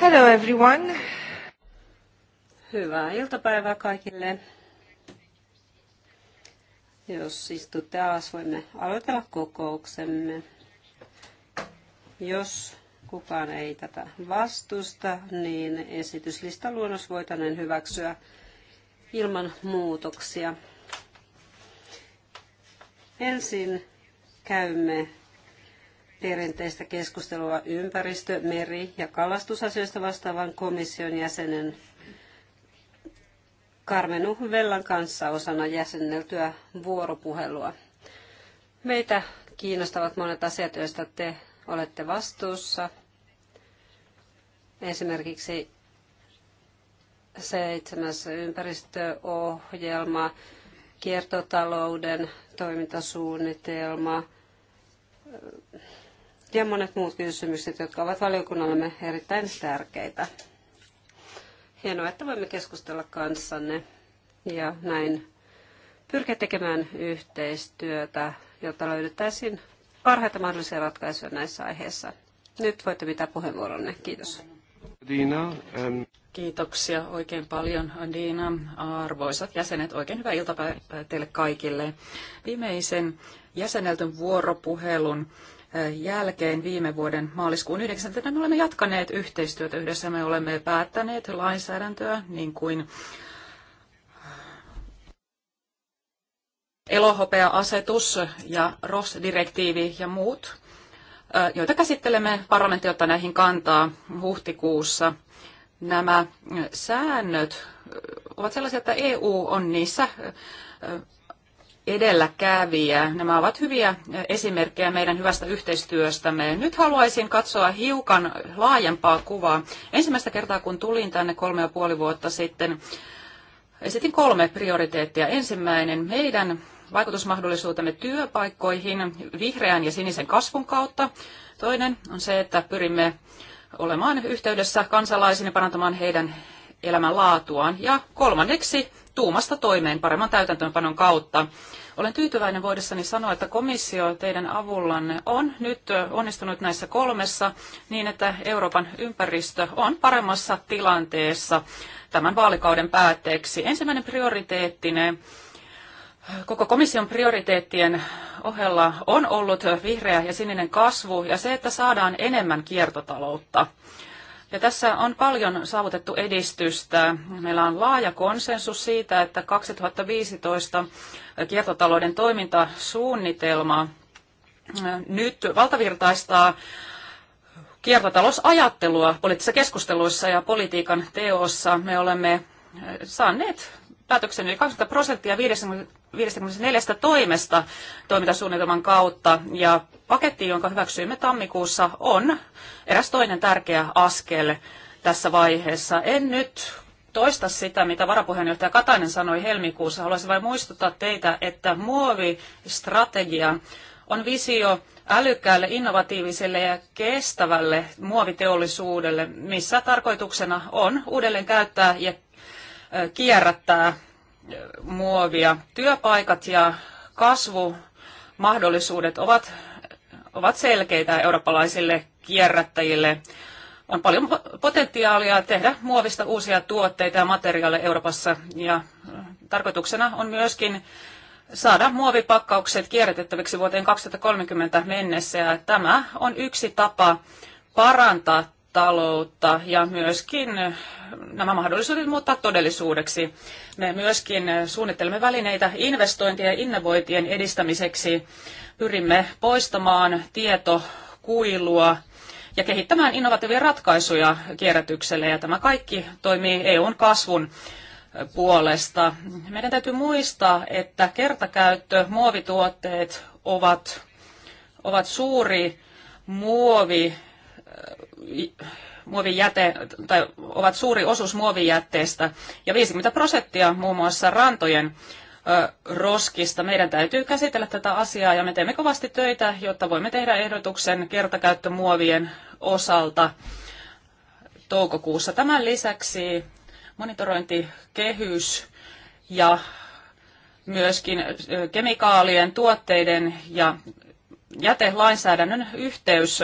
Hello everyone. Hyvää iltapäivää kaikille. Jos istutte alas, voimme aloitella kokouksemme. Jos kukaan ei tätä vastusta, niin esityslista luonnos voitaneen hyväksyä ilman muutoksia. Ensin käymme perinteistä keskustelua ympäristö-, meri- ja kalastusasioista vastaavan komission jäsenen Carmen Vellan kanssa osana jäsenneltyä vuoropuhelua. Meitä kiinnostavat monet asiat, joista te olette vastuussa. Esimerkiksi seitsemäs ympäristöohjelma, kiertotalouden toimintasuunnitelma, ja monet muut kysymykset, jotka ovat valiokunnallemme erittäin tärkeitä. Hienoa, että voimme keskustella kanssanne ja näin pyrkiä tekemään yhteistyötä, jotta löydettäisiin parhaita mahdollisia ratkaisuja näissä aiheissa. Nyt voitte pitää puheenvuoronne. Kiitos. Dina. um... Kiitoksia oikein paljon, Diina. Arvoisat jäsenet, oikein hyvää iltapäivää teille kaikille. Viimeisen jäseneltyn vuoropuhelun jälkeen viime vuoden maaliskuun 9. me olemme jatkaneet yhteistyötä yhdessä. Me olemme päättäneet lainsäädäntöä niin kuin elohopea-asetus ja ROS-direktiivi ja muut, joita käsittelemme parlamentti ottaa näihin kantaa huhtikuussa. Nämä säännöt ovat sellaisia, että EU on niissä edelläkävijä. Nämä ovat hyviä esimerkkejä meidän hyvästä yhteistyöstämme. Nyt haluaisin katsoa hiukan laajempaa kuvaa. Ensimmäistä kertaa, kun tulin tänne kolme ja puoli vuotta sitten, esitin kolme prioriteettia. Ensimmäinen, meidän vaikutusmahdollisuutemme työpaikkoihin vihreän ja sinisen kasvun kautta. Toinen on se, että pyrimme olemaan yhteydessä kansalaisiin ja parantamaan heidän elämänlaatuaan. Ja kolmanneksi tuumasta toimeen paremman täytäntöönpanon kautta. Olen tyytyväinen voidessani sanoa, että komissio teidän avullanne on nyt onnistunut näissä kolmessa niin, että Euroopan ympäristö on paremmassa tilanteessa tämän vaalikauden päätteeksi. Ensimmäinen prioriteettine Koko komission prioriteettien ohella on ollut vihreä ja sininen kasvu ja se, että saadaan enemmän kiertotaloutta. Ja tässä on paljon saavutettu edistystä. Meillä on laaja konsensus siitä, että 2015 kiertotalouden toimintasuunnitelma äh, nyt valtavirtaistaa kiertotalousajattelua poliittisissa keskusteluissa ja politiikan teossa. Me olemme äh, saaneet päätöksen yli 20 prosenttia 50 54 toimesta toimintasuunnitelman kautta ja paketti, jonka hyväksyimme tammikuussa, on eräs toinen tärkeä askel tässä vaiheessa. En nyt toista sitä, mitä varapuheenjohtaja Katainen sanoi helmikuussa. Haluaisin vain muistuttaa teitä, että muovistrategia on visio älykkäälle, innovatiiviselle ja kestävälle muoviteollisuudelle, missä tarkoituksena on uudelleen käyttää ja kierrättää muovia. Työpaikat ja kasvumahdollisuudet ovat, ovat selkeitä eurooppalaisille kierrättäjille. On paljon potentiaalia tehdä muovista uusia tuotteita ja materiaaleja Euroopassa ja äh, tarkoituksena on myöskin saada muovipakkaukset kierrätettäviksi vuoteen 2030 mennessä ja tämä on yksi tapa parantaa taloutta ja myöskin eh, nämä mahdollisuudet muuttaa todellisuudeksi. Me myöskin eh, suunnittelemme välineitä investointien ja innovointien edistämiseksi. Pyrimme poistamaan tietokuilua ja kehittämään innovatiivisia ratkaisuja kierrätykselle ja tämä kaikki toimii EUn kasvun eh, puolesta. Meidän täytyy muistaa, että kertakäyttö, muovituotteet ovat, ovat suuri muovi muovijäte, tai ovat suuri osuus muovijätteestä ja 50 prosenttia muun muassa rantojen roskista. Meidän täytyy käsitellä tätä asiaa ja me teemme kovasti töitä, jotta voimme tehdä ehdotuksen kertakäyttömuovien osalta toukokuussa. Tämän lisäksi monitorointikehys ja myöskin kemikaalien, tuotteiden ja jätelainsäädännön yhteys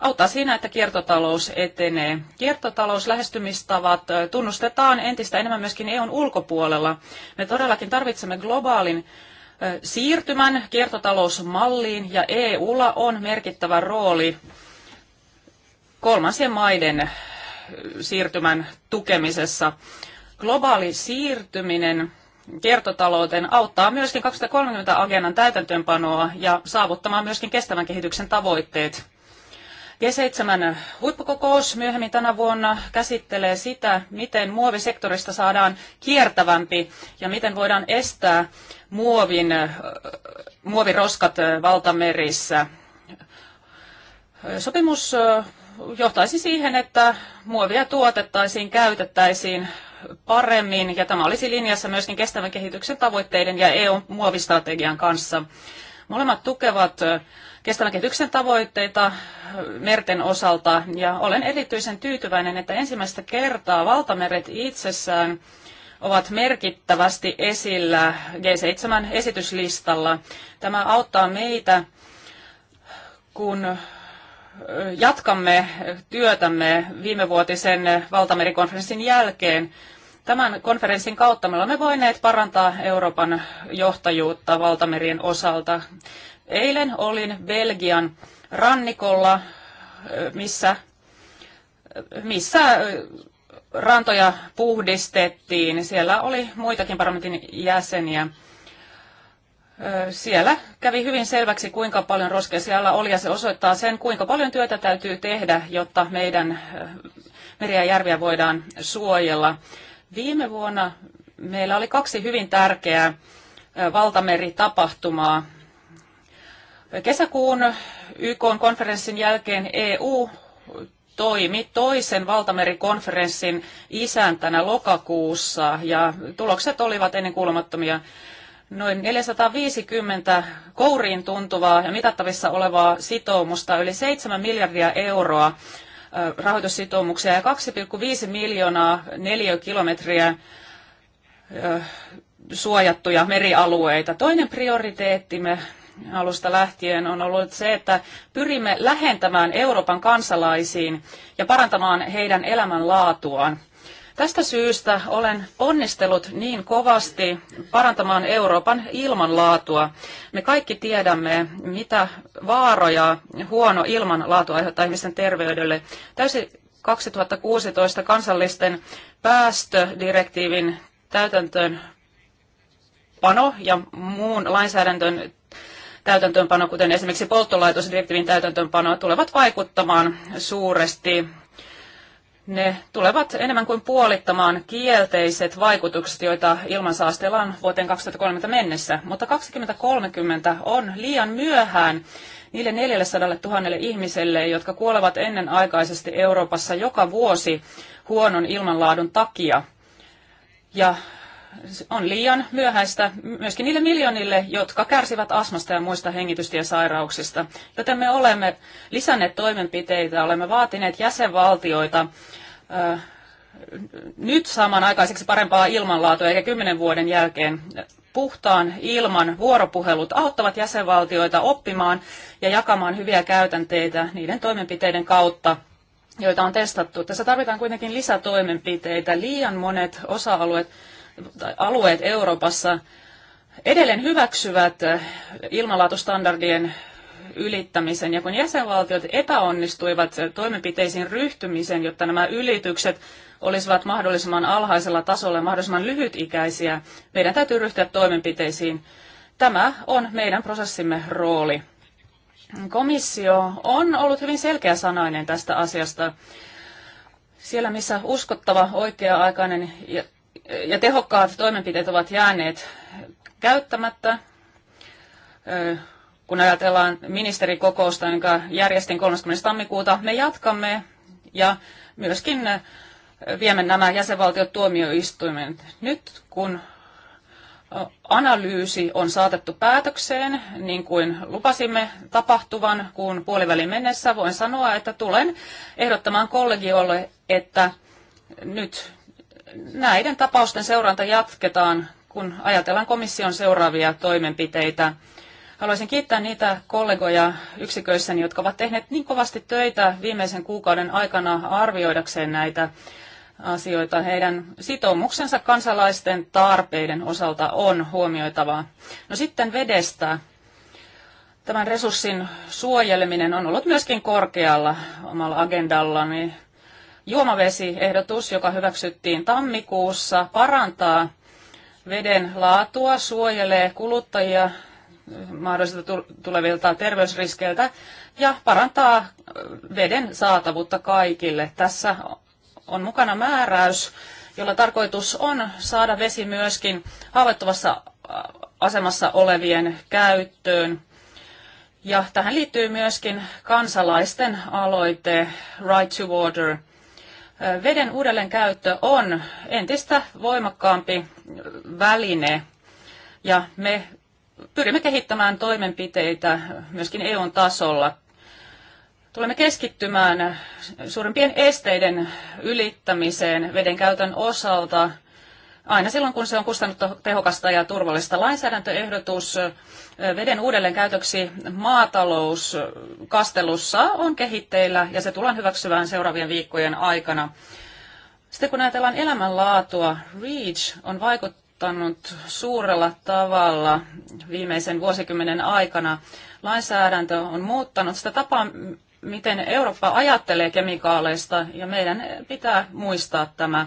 auttaa siinä, että kiertotalous etenee. Kiertotalouslähestymistavat tunnustetaan entistä enemmän myöskin EUn ulkopuolella. Me todellakin tarvitsemme globaalin siirtymän kiertotalousmalliin ja EUlla on merkittävä rooli kolmansien maiden siirtymän tukemisessa. Globaali siirtyminen kiertotalouteen auttaa myöskin 2030 agendan täytäntöönpanoa ja saavuttamaan myöskin kestävän kehityksen tavoitteet. G7 huippukokous myöhemmin tänä vuonna käsittelee sitä, miten muovisektorista saadaan kiertävämpi ja miten voidaan estää muovin, muoviroskat valtamerissä. Sopimus johtaisi siihen, että muovia tuotettaisiin, käytettäisiin paremmin ja tämä olisi linjassa myöskin kestävän kehityksen tavoitteiden ja EUn muovistrategian kanssa. Molemmat tukevat kestävän kehityksen tavoitteita äh, merten osalta. Ja olen erityisen tyytyväinen, että ensimmäistä kertaa valtameret itsessään ovat merkittävästi esillä G7-esityslistalla. Tämä auttaa meitä, kun äh, jatkamme työtämme viimevuotisen valtamerikonferenssin jälkeen. Tämän konferenssin kautta me olemme voineet parantaa Euroopan johtajuutta valtamerien osalta. Eilen olin Belgian rannikolla, missä, missä rantoja puhdistettiin. Siellä oli muitakin parlamentin jäseniä. Siellä kävi hyvin selväksi, kuinka paljon roskea siellä oli, ja se osoittaa sen, kuinka paljon työtä täytyy tehdä, jotta meidän meriä ja järviä voidaan suojella. Viime vuonna meillä oli kaksi hyvin tärkeää valtameritapahtumaa Kesäkuun YK-konferenssin jälkeen EU toimi toisen valtamerikonferenssin isäntänä lokakuussa ja tulokset olivat ennen kuulumattomia. Noin 450 kouriin tuntuvaa ja mitattavissa olevaa sitoumusta, yli 7 miljardia euroa rahoitussitoumuksia ja 2,5 miljoonaa neliökilometriä suojattuja merialueita. Toinen prioriteettimme alusta lähtien on ollut se, että pyrimme lähentämään Euroopan kansalaisiin ja parantamaan heidän elämänlaatuaan. Tästä syystä olen onnistellut niin kovasti parantamaan Euroopan ilmanlaatua. Me kaikki tiedämme, mitä vaaroja huono ilmanlaatu aiheuttaa ihmisten terveydelle. Täysi 2016 kansallisten päästödirektiivin täytäntöön pano ja muun lainsäädäntön täytäntöönpano, kuten esimerkiksi polttolaitosdirektiivin täytäntöönpano, tulevat vaikuttamaan suuresti. Ne tulevat enemmän kuin puolittamaan kielteiset vaikutukset, joita ilmansaasteella on vuoteen 2030 mennessä. Mutta 2030 on liian myöhään niille 400 000 ihmiselle, jotka kuolevat ennenaikaisesti Euroopassa joka vuosi huonon ilmanlaadun takia. Ja on liian myöhäistä myöskin niille miljoonille, jotka kärsivät astmasta ja muista hengitystiesairauksista. Joten me olemme lisänneet toimenpiteitä, olemme vaatineet jäsenvaltioita nyt saamaan aikaiseksi parempaa ilmanlaatua eikä kymmenen vuoden jälkeen puhtaan ilman vuoropuhelut auttavat jäsenvaltioita oppimaan ja jakamaan hyviä käytänteitä niiden toimenpiteiden kautta, joita on testattu. Tässä tarvitaan kuitenkin lisätoimenpiteitä. Liian monet osa-alueet alueet Euroopassa edelleen hyväksyvät ilmanlaatustandardien ylittämisen. Ja kun jäsenvaltiot epäonnistuivat toimenpiteisiin ryhtymisen, jotta nämä ylitykset olisivat mahdollisimman alhaisella tasolla ja mahdollisimman lyhytikäisiä, meidän täytyy ryhtyä toimenpiteisiin. Tämä on meidän prosessimme rooli. Komissio on ollut hyvin selkeä sanainen tästä asiasta. Siellä, missä uskottava, oikea-aikainen ja ja tehokkaat toimenpiteet ovat jääneet käyttämättä. Kun ajatellaan ministerikokousta, jonka järjestin 30. tammikuuta, me jatkamme ja myöskin viemme nämä jäsenvaltiot tuomioistuimen. Nyt kun analyysi on saatettu päätökseen, niin kuin lupasimme tapahtuvan kuun puolivälin mennessä, voin sanoa, että tulen ehdottamaan kollegiolle, että nyt näiden tapausten seuranta jatketaan, kun ajatellaan komission seuraavia toimenpiteitä. Haluaisin kiittää niitä kollegoja yksiköissäni, jotka ovat tehneet niin kovasti töitä viimeisen kuukauden aikana arvioidakseen näitä asioita. Heidän sitoumuksensa kansalaisten tarpeiden osalta on huomioitavaa. No sitten vedestä. Tämän resurssin suojeleminen on ollut myöskin korkealla omalla agendallani. Juomavesiehdotus, joka hyväksyttiin tammikuussa, parantaa veden laatua, suojelee kuluttajia eh, mahdollisilta tulevilta terveysriskeiltä ja parantaa eh, veden saatavuutta kaikille. Tässä on mukana määräys, jolla tarkoitus on saada vesi myöskin haavoittuvassa eh, asemassa olevien käyttöön. Ja tähän liittyy myöskin kansalaisten aloite Right to Water – Veden uudelleenkäyttö on entistä voimakkaampi väline ja me pyrimme kehittämään toimenpiteitä myöskin EUn tasolla. Tulemme keskittymään suurempien esteiden ylittämiseen veden käytön osalta – aina silloin, kun se on kustannustehokasta ja turvallista. Lainsäädäntöehdotus veden uudelleenkäytöksi maatalouskastelussa on kehitteillä ja se tullaan hyväksyvään seuraavien viikkojen aikana. Sitten kun ajatellaan elämänlaatua, REACH on vaikuttanut suurella tavalla viimeisen vuosikymmenen aikana. Lainsäädäntö on muuttanut sitä tapaa, miten Eurooppa ajattelee kemikaaleista ja meidän pitää muistaa tämä.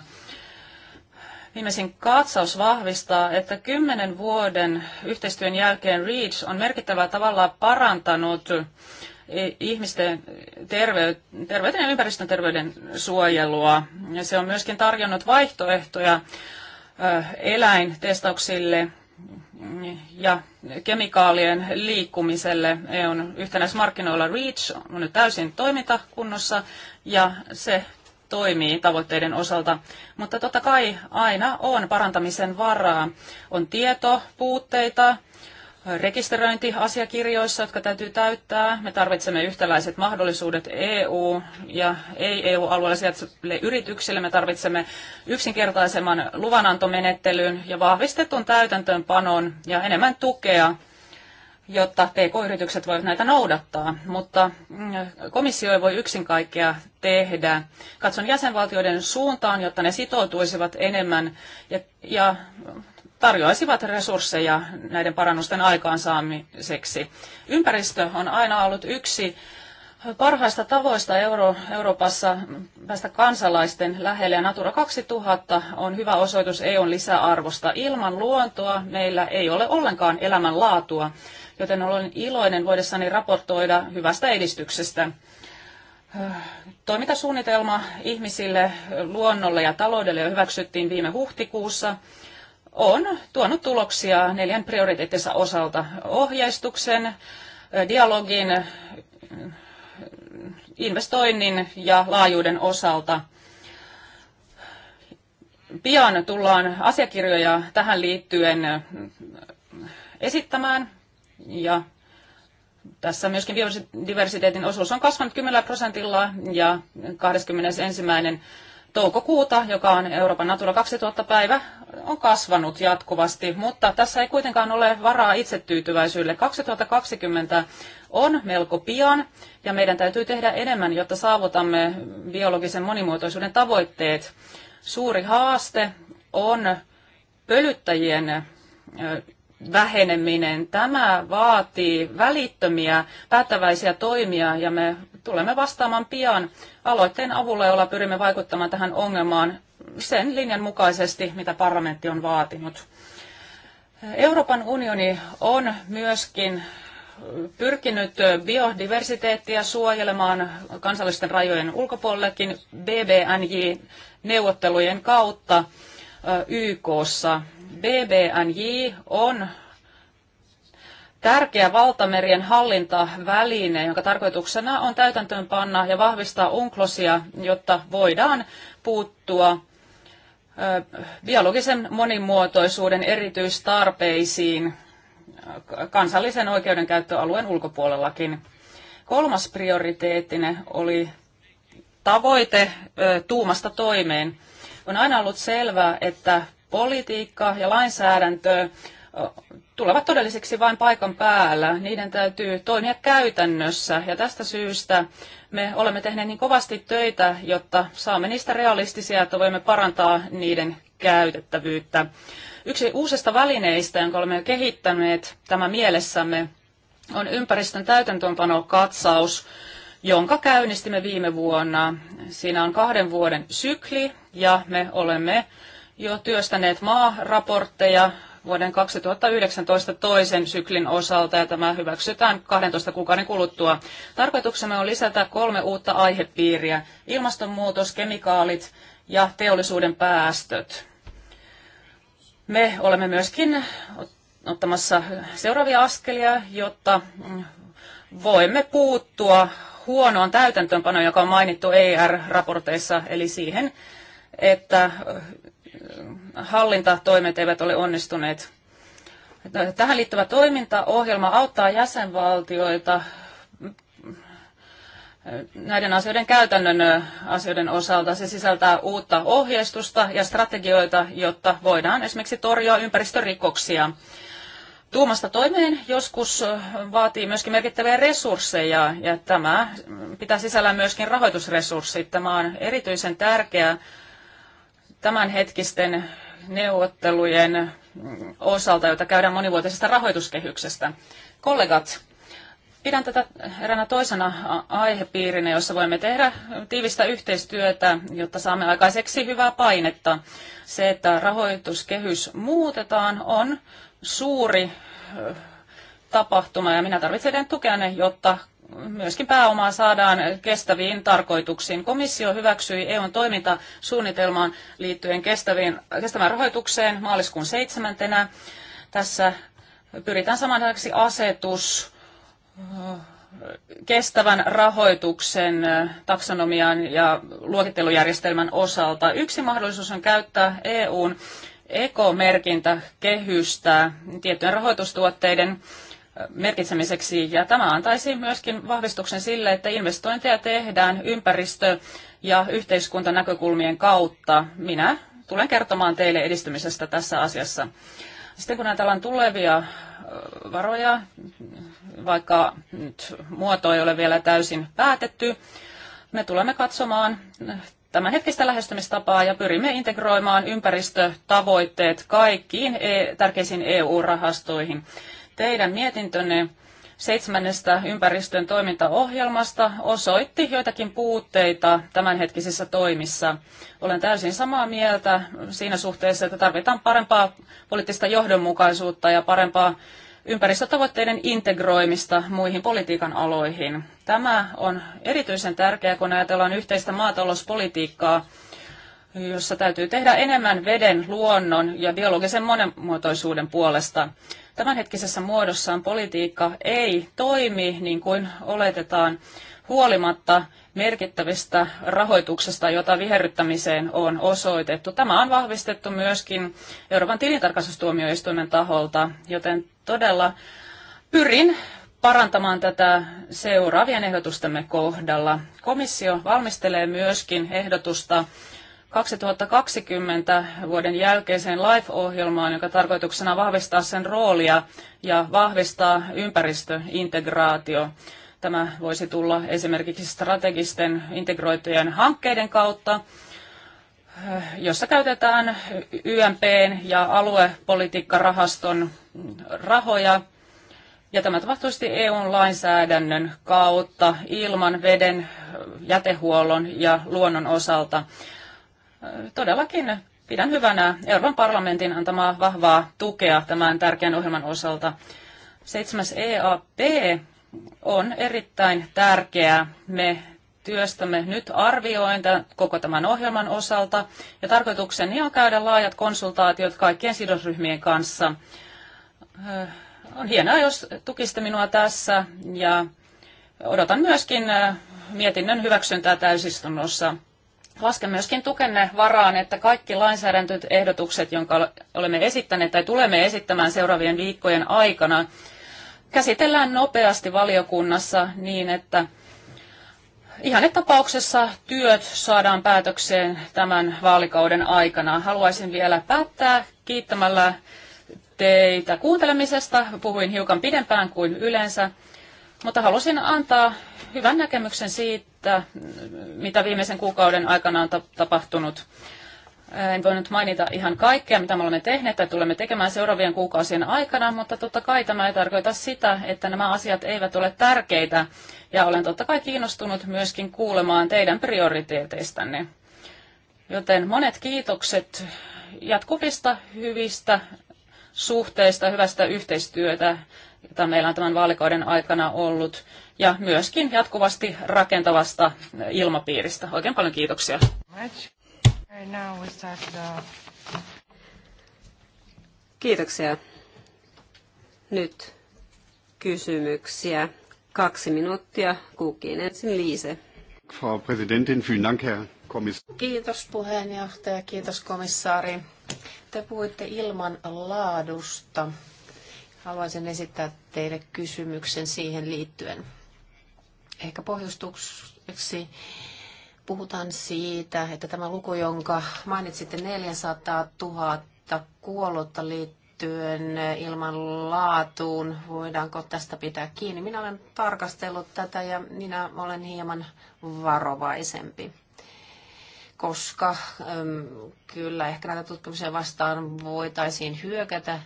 Viimeisin katsaus vahvistaa, että kymmenen vuoden yhteistyön jälkeen REACH on merkittävällä tavalla parantanut ihmisten terveyden ja ympäristön terveyden suojelua. Ja se on myöskin tarjonnut vaihtoehtoja eläintestauksille ja kemikaalien liikkumiselle EUn yhtenäismarkkinoilla REACH on nyt täysin toimintakunnossa ja se toimii tavoitteiden osalta, mutta totta kai aina on parantamisen varaa. On tieto, puutteita, rekisteröintiasiakirjoissa, jotka täytyy täyttää. Me tarvitsemme yhtäläiset mahdollisuudet EU- ja ei-EU-alueella sijaitseville yrityksille. Me tarvitsemme yksinkertaisemman luvanantomenettelyn ja vahvistetun täytäntöönpanon ja enemmän tukea jotta PK-yritykset voivat näitä noudattaa, mutta mm, komissio ei voi yksin kaikkea tehdä. Katson jäsenvaltioiden suuntaan, jotta ne sitoutuisivat enemmän ja, ja tarjoaisivat resursseja näiden parannusten aikaansaamiseksi. Ympäristö on aina ollut yksi parhaista tavoista Euro, Euroopassa päästä kansalaisten lähelle ja Natura 2000 on hyvä osoitus EUn lisäarvosta. Ilman luontoa meillä ei ole ollenkaan elämänlaatua, joten olen iloinen voidessani raportoida hyvästä edistyksestä. Toimintasuunnitelma ihmisille, luonnolle ja taloudelle jo hyväksyttiin viime huhtikuussa on tuonut tuloksia neljän prioriteettinsa osalta ohjeistuksen, dialogin investoinnin ja laajuuden osalta. Pian tullaan asiakirjoja tähän liittyen esittämään ja tässä myöskin biodiversiteetin osuus on kasvanut 10 prosentilla ja 21. toukokuuta, joka on Euroopan Natura 2000 päivä, on kasvanut jatkuvasti, mutta tässä ei kuitenkaan ole varaa itsetyytyväisyydelle. 2020 on melko pian ja meidän täytyy tehdä enemmän, jotta saavutamme biologisen monimuotoisuuden tavoitteet. Suuri haaste on pölyttäjien väheneminen. Tämä vaatii välittömiä päättäväisiä toimia ja me tulemme vastaamaan pian aloitteen avulla, jolla pyrimme vaikuttamaan tähän ongelmaan sen linjan mukaisesti, mitä parlamentti on vaatinut. Euroopan unioni on myöskin pyrkinyt biodiversiteettiä suojelemaan kansallisten rajojen ulkopuolellekin BBNJ-neuvottelujen kautta YKssa. BBNJ on tärkeä valtamerien hallintaväline, jonka tarkoituksena on täytäntöönpanna ja vahvistaa unklosia, jotta voidaan puuttua biologisen monimuotoisuuden erityistarpeisiin kansallisen oikeudenkäyttöalueen ulkopuolellakin. Kolmas prioriteettinen oli tavoite tuumasta toimeen. On aina ollut selvää, että politiikka ja lainsäädäntö tulevat todelliseksi vain paikan päällä. Niiden täytyy toimia käytännössä ja tästä syystä me olemme tehneet niin kovasti töitä, jotta saamme niistä realistisia, että voimme parantaa niiden käytettävyyttä. Yksi uusista välineistä, jonka olemme kehittäneet tämä mielessämme, on ympäristön täytäntöönpanokatsaus, jonka käynnistimme viime vuonna. Siinä on kahden vuoden sykli ja me olemme jo työstäneet maaraportteja vuoden 2019 toisen syklin osalta ja tämä hyväksytään 12 kuukauden kuluttua. Tarkoituksena on lisätä kolme uutta aihepiiriä. Ilmastonmuutos, kemikaalit ja teollisuuden päästöt. Me olemme myöskin ottamassa seuraavia askelia, jotta voimme puuttua huonoon täytäntöönpanoon, joka on mainittu ER-raporteissa, eli siihen, että hallintatoimet eivät ole onnistuneet. Tähän liittyvä toimintaohjelma auttaa jäsenvaltioita näiden asioiden käytännön asioiden osalta. Se sisältää uutta ohjeistusta ja strategioita, jotta voidaan esimerkiksi torjua ympäristörikoksia. Tuumasta toimeen joskus vaatii myöskin merkittäviä resursseja ja tämä pitää sisällä myöskin rahoitusresurssit. Tämä on erityisen tärkeää tämänhetkisten neuvottelujen osalta, joita käydään monivuotisesta rahoituskehyksestä. Kollegat, pidän tätä eräänä toisena aihepiirinä, jossa voimme tehdä tiivistä yhteistyötä, jotta saamme aikaiseksi hyvää painetta. Se, että rahoituskehys muutetaan, on suuri tapahtuma ja minä tarvitsen tukea ne, jotta myöskin pääomaa saadaan kestäviin tarkoituksiin. Komissio hyväksyi EUn toimintasuunnitelmaan liittyen kestäviin, kestävään rahoitukseen maaliskuun seitsemäntenä. Tässä pyritään samanaikaisesti asetus kestävän rahoituksen taksonomian ja luokittelujärjestelmän osalta. Yksi mahdollisuus on käyttää EUn ekomerkintäkehystä tiettyjen rahoitustuotteiden merkitsemiseksi. Ja tämä antaisi myöskin vahvistuksen sille, että investointeja tehdään ympäristö- ja yhteiskuntanäkökulmien kautta. Minä tulen kertomaan teille edistymisestä tässä asiassa. Sitten kun ajatellaan tulevia varoja, vaikka nyt muoto ei ole vielä täysin päätetty, me tulemme katsomaan tämän hetkistä lähestymistapaa ja pyrimme integroimaan ympäristötavoitteet kaikkiin e-, tärkeisiin EU-rahastoihin. Teidän mietintönne seitsemännestä ympäristön toimintaohjelmasta osoitti joitakin puutteita tämänhetkisissä toimissa. Olen täysin samaa mieltä siinä suhteessa, että tarvitaan parempaa poliittista johdonmukaisuutta ja parempaa ympäristötavoitteiden integroimista muihin politiikan aloihin. Tämä on erityisen tärkeää, kun ajatellaan yhteistä maatalouspolitiikkaa, jossa täytyy tehdä enemmän veden, luonnon ja biologisen monimuotoisuuden puolesta tämänhetkisessä muodossaan politiikka ei toimi niin kuin oletetaan huolimatta merkittävistä rahoituksesta, jota viherryttämiseen on osoitettu. Tämä on vahvistettu myöskin Euroopan tilintarkastustuomioistuimen taholta, joten todella pyrin parantamaan tätä seuraavien ehdotustemme kohdalla. Komissio valmistelee myöskin ehdotusta 2020 vuoden jälkeiseen LIFE-ohjelmaan, joka tarkoituksena vahvistaa sen roolia ja vahvistaa ympäristöintegraatio. Tämä voisi tulla esimerkiksi strategisten integroitujen hankkeiden kautta, jossa käytetään n ja aluepolitiikkarahaston rahoja. Ja tämä tapahtuisi eu lainsäädännön kautta ilman veden, jätehuollon ja luonnon osalta todellakin pidän hyvänä Euroopan parlamentin antamaa vahvaa tukea tämän tärkeän ohjelman osalta. 7. EAP on erittäin tärkeä. Me työstämme nyt arviointa koko tämän ohjelman osalta ja tarkoitukseni on käydä laajat konsultaatiot kaikkien sidosryhmien kanssa. Äh, on hienoa, jos tukiste minua tässä ja odotan myöskin äh, mietinnön hyväksyntää täysistunnossa. Lasken myöskin tukenne varaan, että kaikki lainsäädäntöehdotukset, jonka olemme esittäneet tai tulemme esittämään seuraavien viikkojen aikana, käsitellään nopeasti valiokunnassa niin, että ihan tapauksessa työt saadaan päätökseen tämän vaalikauden aikana. Haluaisin vielä päättää kiittämällä teitä kuuntelemisesta. Puhuin hiukan pidempään kuin yleensä, mutta halusin antaa hyvän näkemyksen siitä, mitä viimeisen kuukauden aikana on tapahtunut. En voi nyt mainita ihan kaikkea, mitä me olemme tehneet tai tulemme tekemään seuraavien kuukausien aikana, mutta totta kai tämä ei tarkoita sitä, että nämä asiat eivät ole tärkeitä. Ja olen totta kai kiinnostunut myöskin kuulemaan teidän prioriteeteistanne. Joten monet kiitokset jatkuvista hyvistä suhteista, hyvästä yhteistyötä jota meillä on tämän vaalikauden aikana ollut, ja myöskin jatkuvasti rakentavasta ilmapiiristä. Oikein paljon kiitoksia. Kiitoksia. Nyt kysymyksiä. Kaksi minuuttia kukin. Ensin Liise. Frau Präsidentin, vielen Dank, Herr Kommissar. Kiitos puheenjohtaja, kiitos komissaari. Te puhuitte ilman laadusta Haluaisin esittää teille kysymyksen siihen liittyen. Ehkä pohjustukseksi puhutaan siitä, että tämä luku, jonka mainitsitte 400 000 kuollutta liittyen ilman laatuun, voidaanko tästä pitää kiinni? Minä olen tarkastellut tätä ja minä olen hieman varovaisempi koska äm, kyllä ehkä näitä tutkimuksia vastaan voitaisiin hyökätä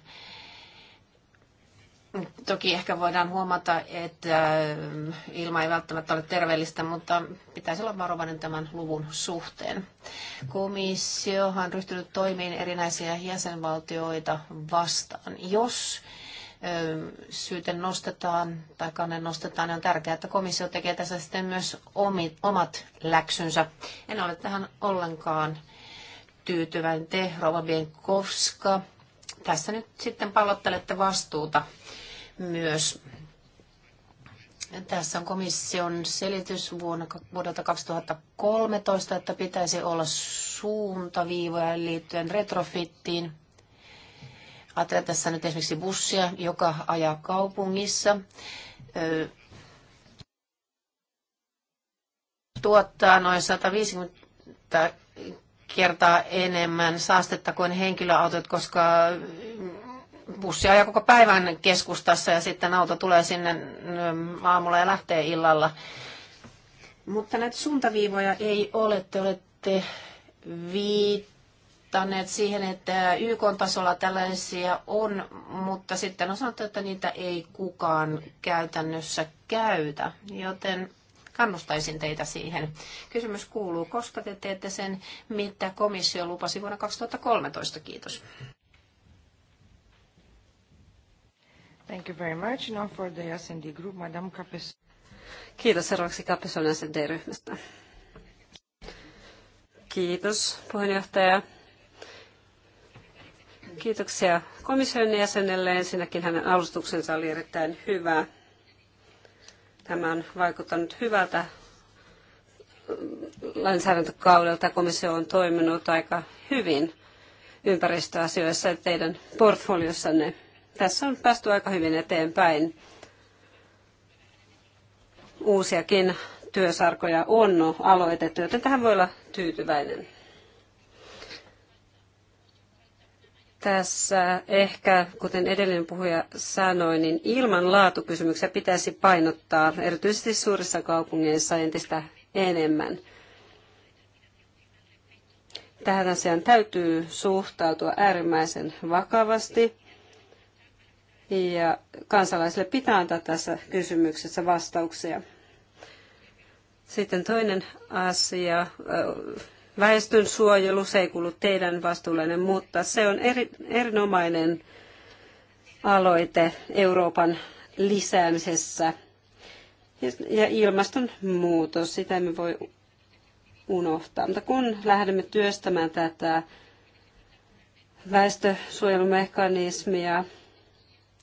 Toki ehkä voidaan huomata, että äh, ilma ei välttämättä ole terveellistä, mutta pitäisi olla varovainen tämän luvun suhteen. Komissio on ryhtynyt toimiin erinäisiä jäsenvaltioita vastaan. Jos äh, syyte nostetaan tai kannen nostetaan, niin on tärkeää, että komissio tekee tässä sitten myös omat läksynsä. En ole tähän ollenkaan tyytyväinen. Te, Rova Bienkowska. Tässä nyt sitten pallottelette vastuuta myös. Tässä on komission selitys vuonna, vuodelta 2013, että pitäisi olla suuntaviivoja liittyen retrofittiin. Ajattelen tässä nyt esimerkiksi bussia, joka ajaa kaupungissa tuottaa noin 150 kertaa enemmän saastetta kuin henkilöautot, koska bussi ajaa koko päivän keskustassa ja sitten auto tulee sinne mm, aamulla ja lähtee illalla. Mutta näitä suuntaviivoja ei ole. Te olette viittaneet siihen, että YK-tasolla tällaisia on, mutta sitten on sanottu, että niitä ei kukaan käytännössä käytä. Joten kannustaisin teitä siihen. Kysymys kuuluu, koska te teette sen, mitä komissio lupasi vuonna 2013? Kiitos. Thank you very much. Now for the S&D Group, Madame Capes. Kiitos seuraavaksi Capesonen S&D-ryhmästä. Kiitos puheenjohtaja. Kiitoksia komission jäsenelle. Ensinnäkin hänen alustuksensa oli erittäin hyvä. Tämä on vaikuttanut hyvältä lainsäädäntökaudelta. Komissio on toiminut aika hyvin ympäristöasioissa ja teidän portfoliossanne. Tässä on päästy aika hyvin eteenpäin. Uusiakin työsarkoja on aloitettu, joten tähän voi olla tyytyväinen. Tässä ehkä, kuten edellinen puhuja sanoi, niin ilman laatukysymyksiä pitäisi painottaa erityisesti suurissa kaupungeissa entistä enemmän. Tähän asiaan täytyy suhtautua äärimmäisen vakavasti. Ja kansalaisille pitää antaa tässä kysymyksessä vastauksia. Sitten toinen asia, Väestön suojelu, se ei kuulu teidän vastuullenne, mutta se on eri, erinomainen aloite Euroopan lisäämisessä. Ja ilmastonmuutos, sitä emme voi unohtaa. Mutta kun lähdemme työstämään tätä väestösuojelumekanismia,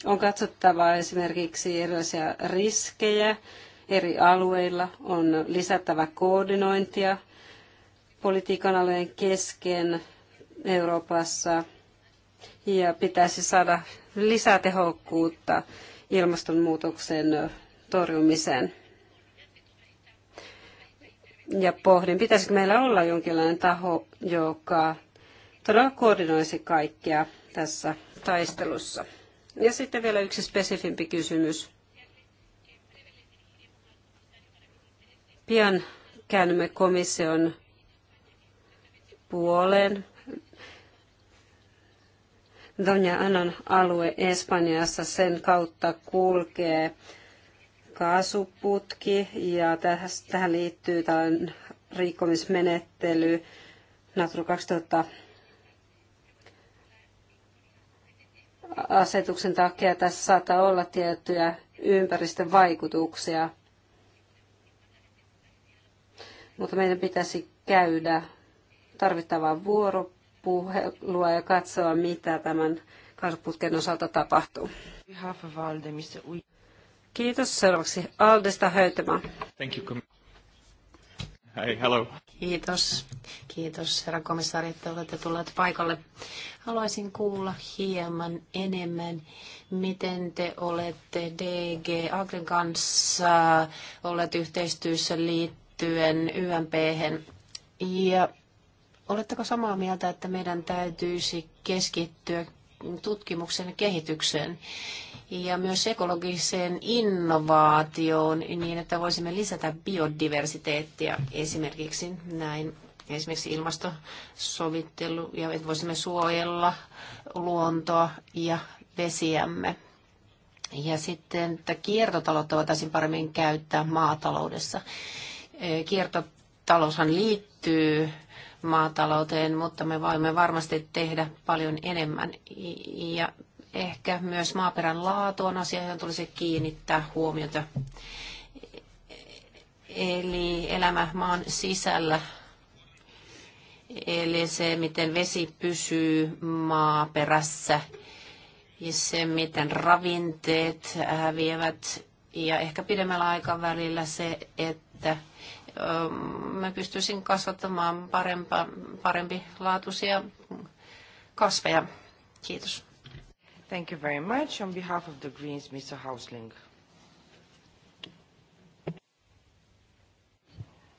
on katsottava esimerkiksi erilaisia riskejä eri alueilla, on lisättävä koordinointia – politiikan alojen kesken Euroopassa ja pitäisi saada lisää tehokkuutta ilmastonmuutoksen torjumiseen. Ja pohdin, pitäisikö meillä olla jonkinlainen taho, joka todella koordinoisi kaikkea tässä taistelussa. Ja sitten vielä yksi spesifimpi kysymys. Pian käännymme komission puolen. Doña Anan alue Espanjassa sen kautta kulkee kaasuputki ja tähän liittyy tällainen rikkomismenettely Natura 2000 asetuksen takia tässä saattaa olla tiettyjä ympäristövaikutuksia. Mutta meidän pitäisi käydä tarvittavaa vuoropuhelua ja katsoa, mitä tämän kaasuputken osalta tapahtuu. Kiitos. Seuraavaksi Aldesta Höytömä. Thank you. Hei, hello. Kiitos. Kiitos, herra komissaari, että olette tulleet paikalle. Haluaisin kuulla hieman enemmän, miten te olette DG Agrin kanssa olleet yhteistyössä liittyen YMP. -hän. Ja Oletteko samaa mieltä, että meidän täytyisi keskittyä tutkimuksen ja kehitykseen ja myös ekologiseen innovaatioon niin, että voisimme lisätä biodiversiteettia esimerkiksi näin esimerkiksi ilmastosovittelu ja että voisimme suojella luontoa ja vesiämme. Ja sitten, että kiertotaloutta voitaisiin paremmin käyttää maataloudessa. Kiertotaloushan liittyy maatalouteen, mutta me voimme varmasti tehdä paljon enemmän. Ja ehkä myös maaperän laatu on asia, johon tulisi kiinnittää huomiota. Eli elämä maan sisällä Eli se, miten vesi pysyy maaperässä ja se, miten ravinteet häviävät ja ehkä pidemmällä aikavälillä se, että mä pystyisin kasvattamaan parempa, parempi laatuisia kasveja. Kiitos. Thank you very much. On behalf of the Greens, Mr. Hausling.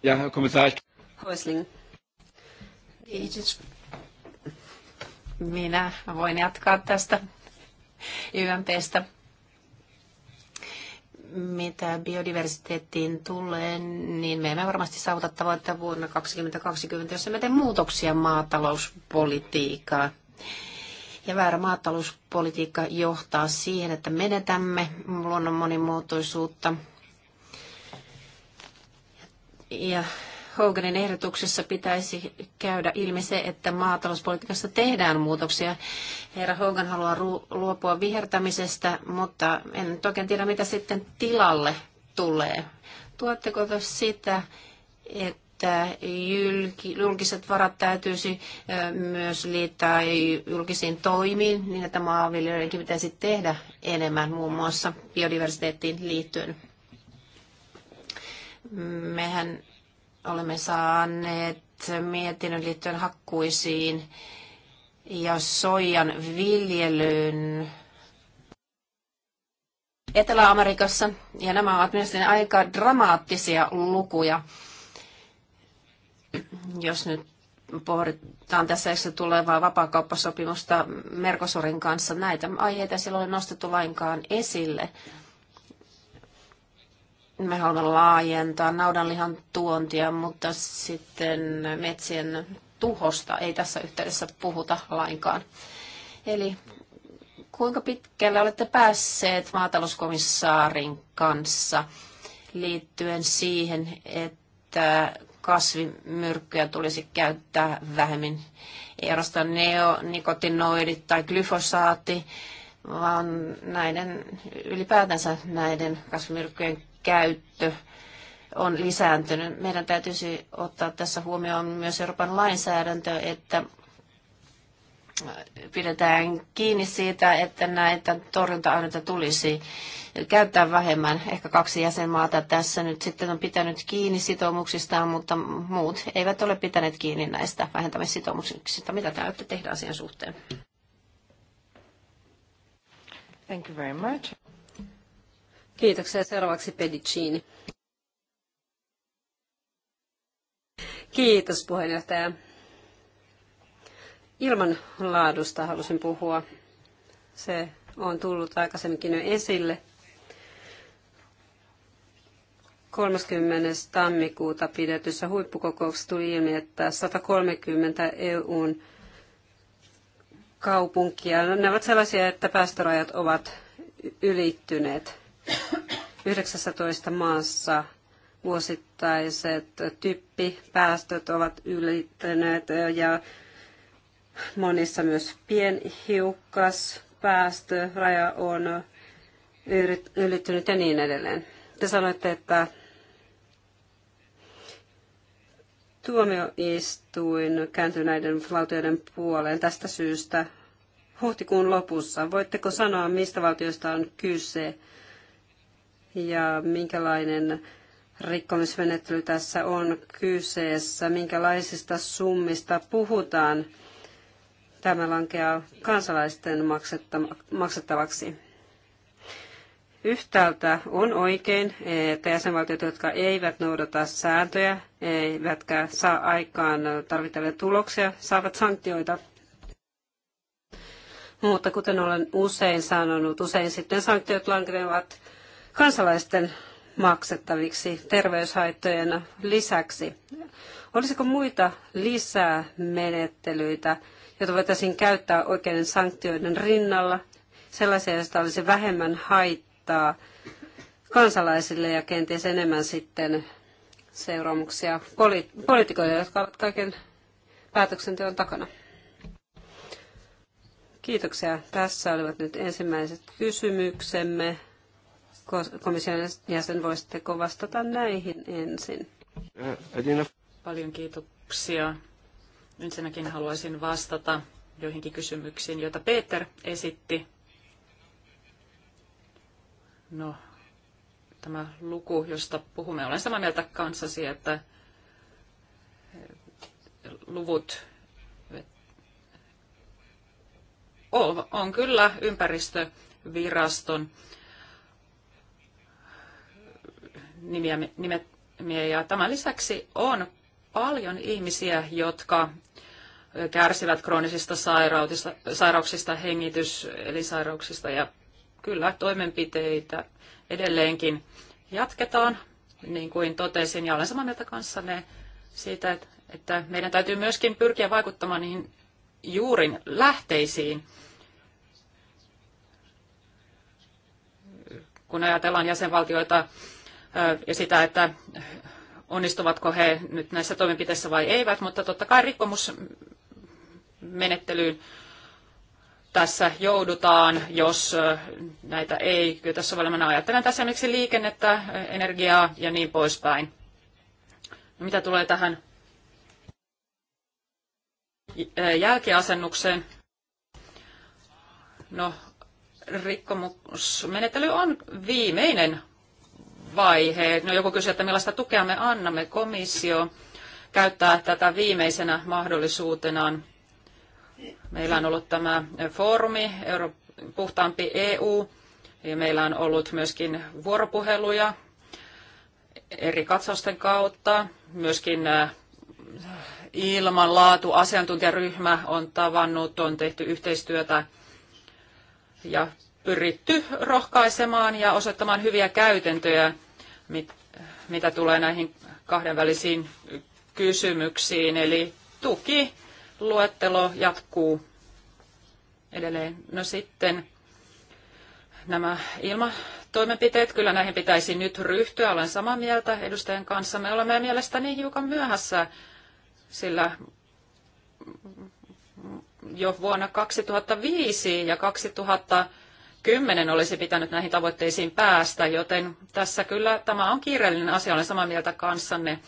Ja, Herr Kommissar. Hausling. Kiitos. Minä voin jatkaa tästä YMPstä mitä biodiversiteettiin tulee, niin me emme varmasti saavuta tavoitetta vuonna 2020, jos emme tee muutoksia maatalouspolitiikkaan. Ja väärä maatalouspolitiikka johtaa siihen, että menetämme luonnon monimuotoisuutta. Ja Hoganin ehdotuksessa pitäisi käydä ilmi se, että maatalouspolitiikassa tehdään muutoksia. Herra Hogan haluaa luopua vihertämisestä, mutta en toki tiedä, mitä sitten tilalle tulee. Tuotteko sitä, että julkiset varat täytyisi myös liittää julkisiin toimiin, niin että maanviljelijöidenkin pitäisi tehdä enemmän muun muassa biodiversiteettiin liittyen. Mehän Olemme saaneet mietinnön liittyen hakkuisiin ja soijan viljelyyn Etelä-Amerikassa. Ja nämä ovat mielestäni aika dramaattisia lukuja. Jos nyt pohditaan tässä tulevaa tulevaa vapaakauppasopimusta Mercosurin kanssa, näitä aiheita silloin ei nostettu lainkaan esille me haluamme laajentaa naudanlihan tuontia, mutta sitten metsien tuhosta ei tässä yhteydessä puhuta lainkaan. Eli kuinka pitkälle olette päässeet maatalouskomissaarin kanssa liittyen siihen, että kasvimyrkkyjä tulisi käyttää vähemmin? erosta neonikotinoidit tai glyfosaatti, vaan näiden, ylipäätänsä näiden kasvimyrkkyjen käyttö on lisääntynyt. Meidän täytyisi ottaa tässä huomioon myös Euroopan lainsäädäntö, että pidetään kiinni siitä, että näitä torjunta-aineita tulisi käyttää vähemmän. Ehkä kaksi jäsenmaata tässä nyt sitten on pitänyt kiinni sitoumuksistaan, mutta muut eivät ole pitäneet kiinni näistä vähentämissitoumuksista. Mitä te aiotte tehdä asian suhteen? Thank you very much. Kiitoksia. Seuraavaksi Pedicini. Kiitos puheenjohtaja. laadusta halusin puhua. Se on tullut aikaisemminkin jo esille. 30. tammikuuta pidetyssä huippukokouksessa tuli ilmi, että 130 EUn kaupunkia, ne ovat sellaisia, että päästörajat ovat ylittyneet. 19 maassa vuosittaiset typpipäästöt ovat ylittäneet ja monissa myös pienhiukkas päästöraja on ylittynyt ja niin edelleen. Te sanoitte, että tuomioistuin kääntyi näiden valtioiden puoleen tästä syystä huhtikuun lopussa. Voitteko sanoa, mistä valtioista on kyse? ja minkälainen rikkomismenettely tässä on kyseessä, minkälaisista summista puhutaan. Tämä lankeaa kansalaisten maksettavaksi. Yhtäältä on oikein, että jäsenvaltiot, jotka eivät noudata sääntöjä, eivätkä saa aikaan tarvittavia tuloksia, saavat sanktioita. Mutta kuten olen usein sanonut, usein sitten sanktiot lankenevat kansalaisten maksettaviksi terveyshaittojen lisäksi. Olisiko muita lisää menettelyitä, joita voitaisiin käyttää oikeiden sanktioiden rinnalla, sellaisia, joista olisi vähemmän haittaa kansalaisille ja kenties enemmän sitten seuraamuksia poli- poliitikoille, jotka ovat kaiken päätöksenteon takana? Kiitoksia. Tässä olivat nyt ensimmäiset kysymyksemme komission jäsen, voisitteko vastata näihin ensin? Eh, Paljon kiitoksia. Ensinnäkin haluaisin vastata joihinkin kysymyksiin, joita Peter esitti. No, tämä luku, josta puhumme, olen samaa mieltä kanssasi, että eh, luvut eh, on kyllä ympäristöviraston nimiä, nimiä. Ja tämän lisäksi on paljon ihmisiä, jotka kärsivät kroonisista sairauksista, sairauksista hengitys- eli sairauksista ja kyllä toimenpiteitä edelleenkin jatketaan, niin kuin totesin, ja olen samaa mieltä kanssanne siitä, että meidän täytyy myöskin pyrkiä vaikuttamaan niihin juurin lähteisiin. Kun ajatellaan jäsenvaltioita, ja sitä, että onnistuvatko he nyt näissä toimenpiteissä vai eivät, mutta totta kai rikkomusmenettelyyn tässä joudutaan, jos näitä ei kyllä tässä sovellemana ajattelen tässä esimerkiksi liikennettä, energiaa ja niin poispäin. No, mitä tulee tähän jälkiasennukseen? No, rikkomusmenettely on viimeinen Vaiheet. No joku kysyy, että millaista tukea me annamme. Komissio käyttää tätä viimeisenä mahdollisuutenaan. Meillä on ollut tämä foorumi, Euro, puhtaampi EU, ja meillä on ollut myöskin vuoropuheluja eri katsausten kautta. Myöskin ilmanlaatu asiantuntijaryhmä on tavannut, on tehty yhteistyötä ja pyritty rohkaisemaan ja osoittamaan hyviä käytäntöjä mit, mitä tulee näihin kahdenvälisiin kysymyksiin. Eli tuki, luettelo jatkuu edelleen. No sitten nämä ilmatoimenpiteet, kyllä näihin pitäisi nyt ryhtyä. Olen samaa mieltä edustajan kanssa. Me olemme mielestäni hiukan myöhässä, sillä jo vuonna 2005 ja 2000 2010 olisi pitänyt näihin tavoitteisiin päästä, joten tässä kyllä tämä on kiireellinen asia, olen samaa mieltä kanssanne.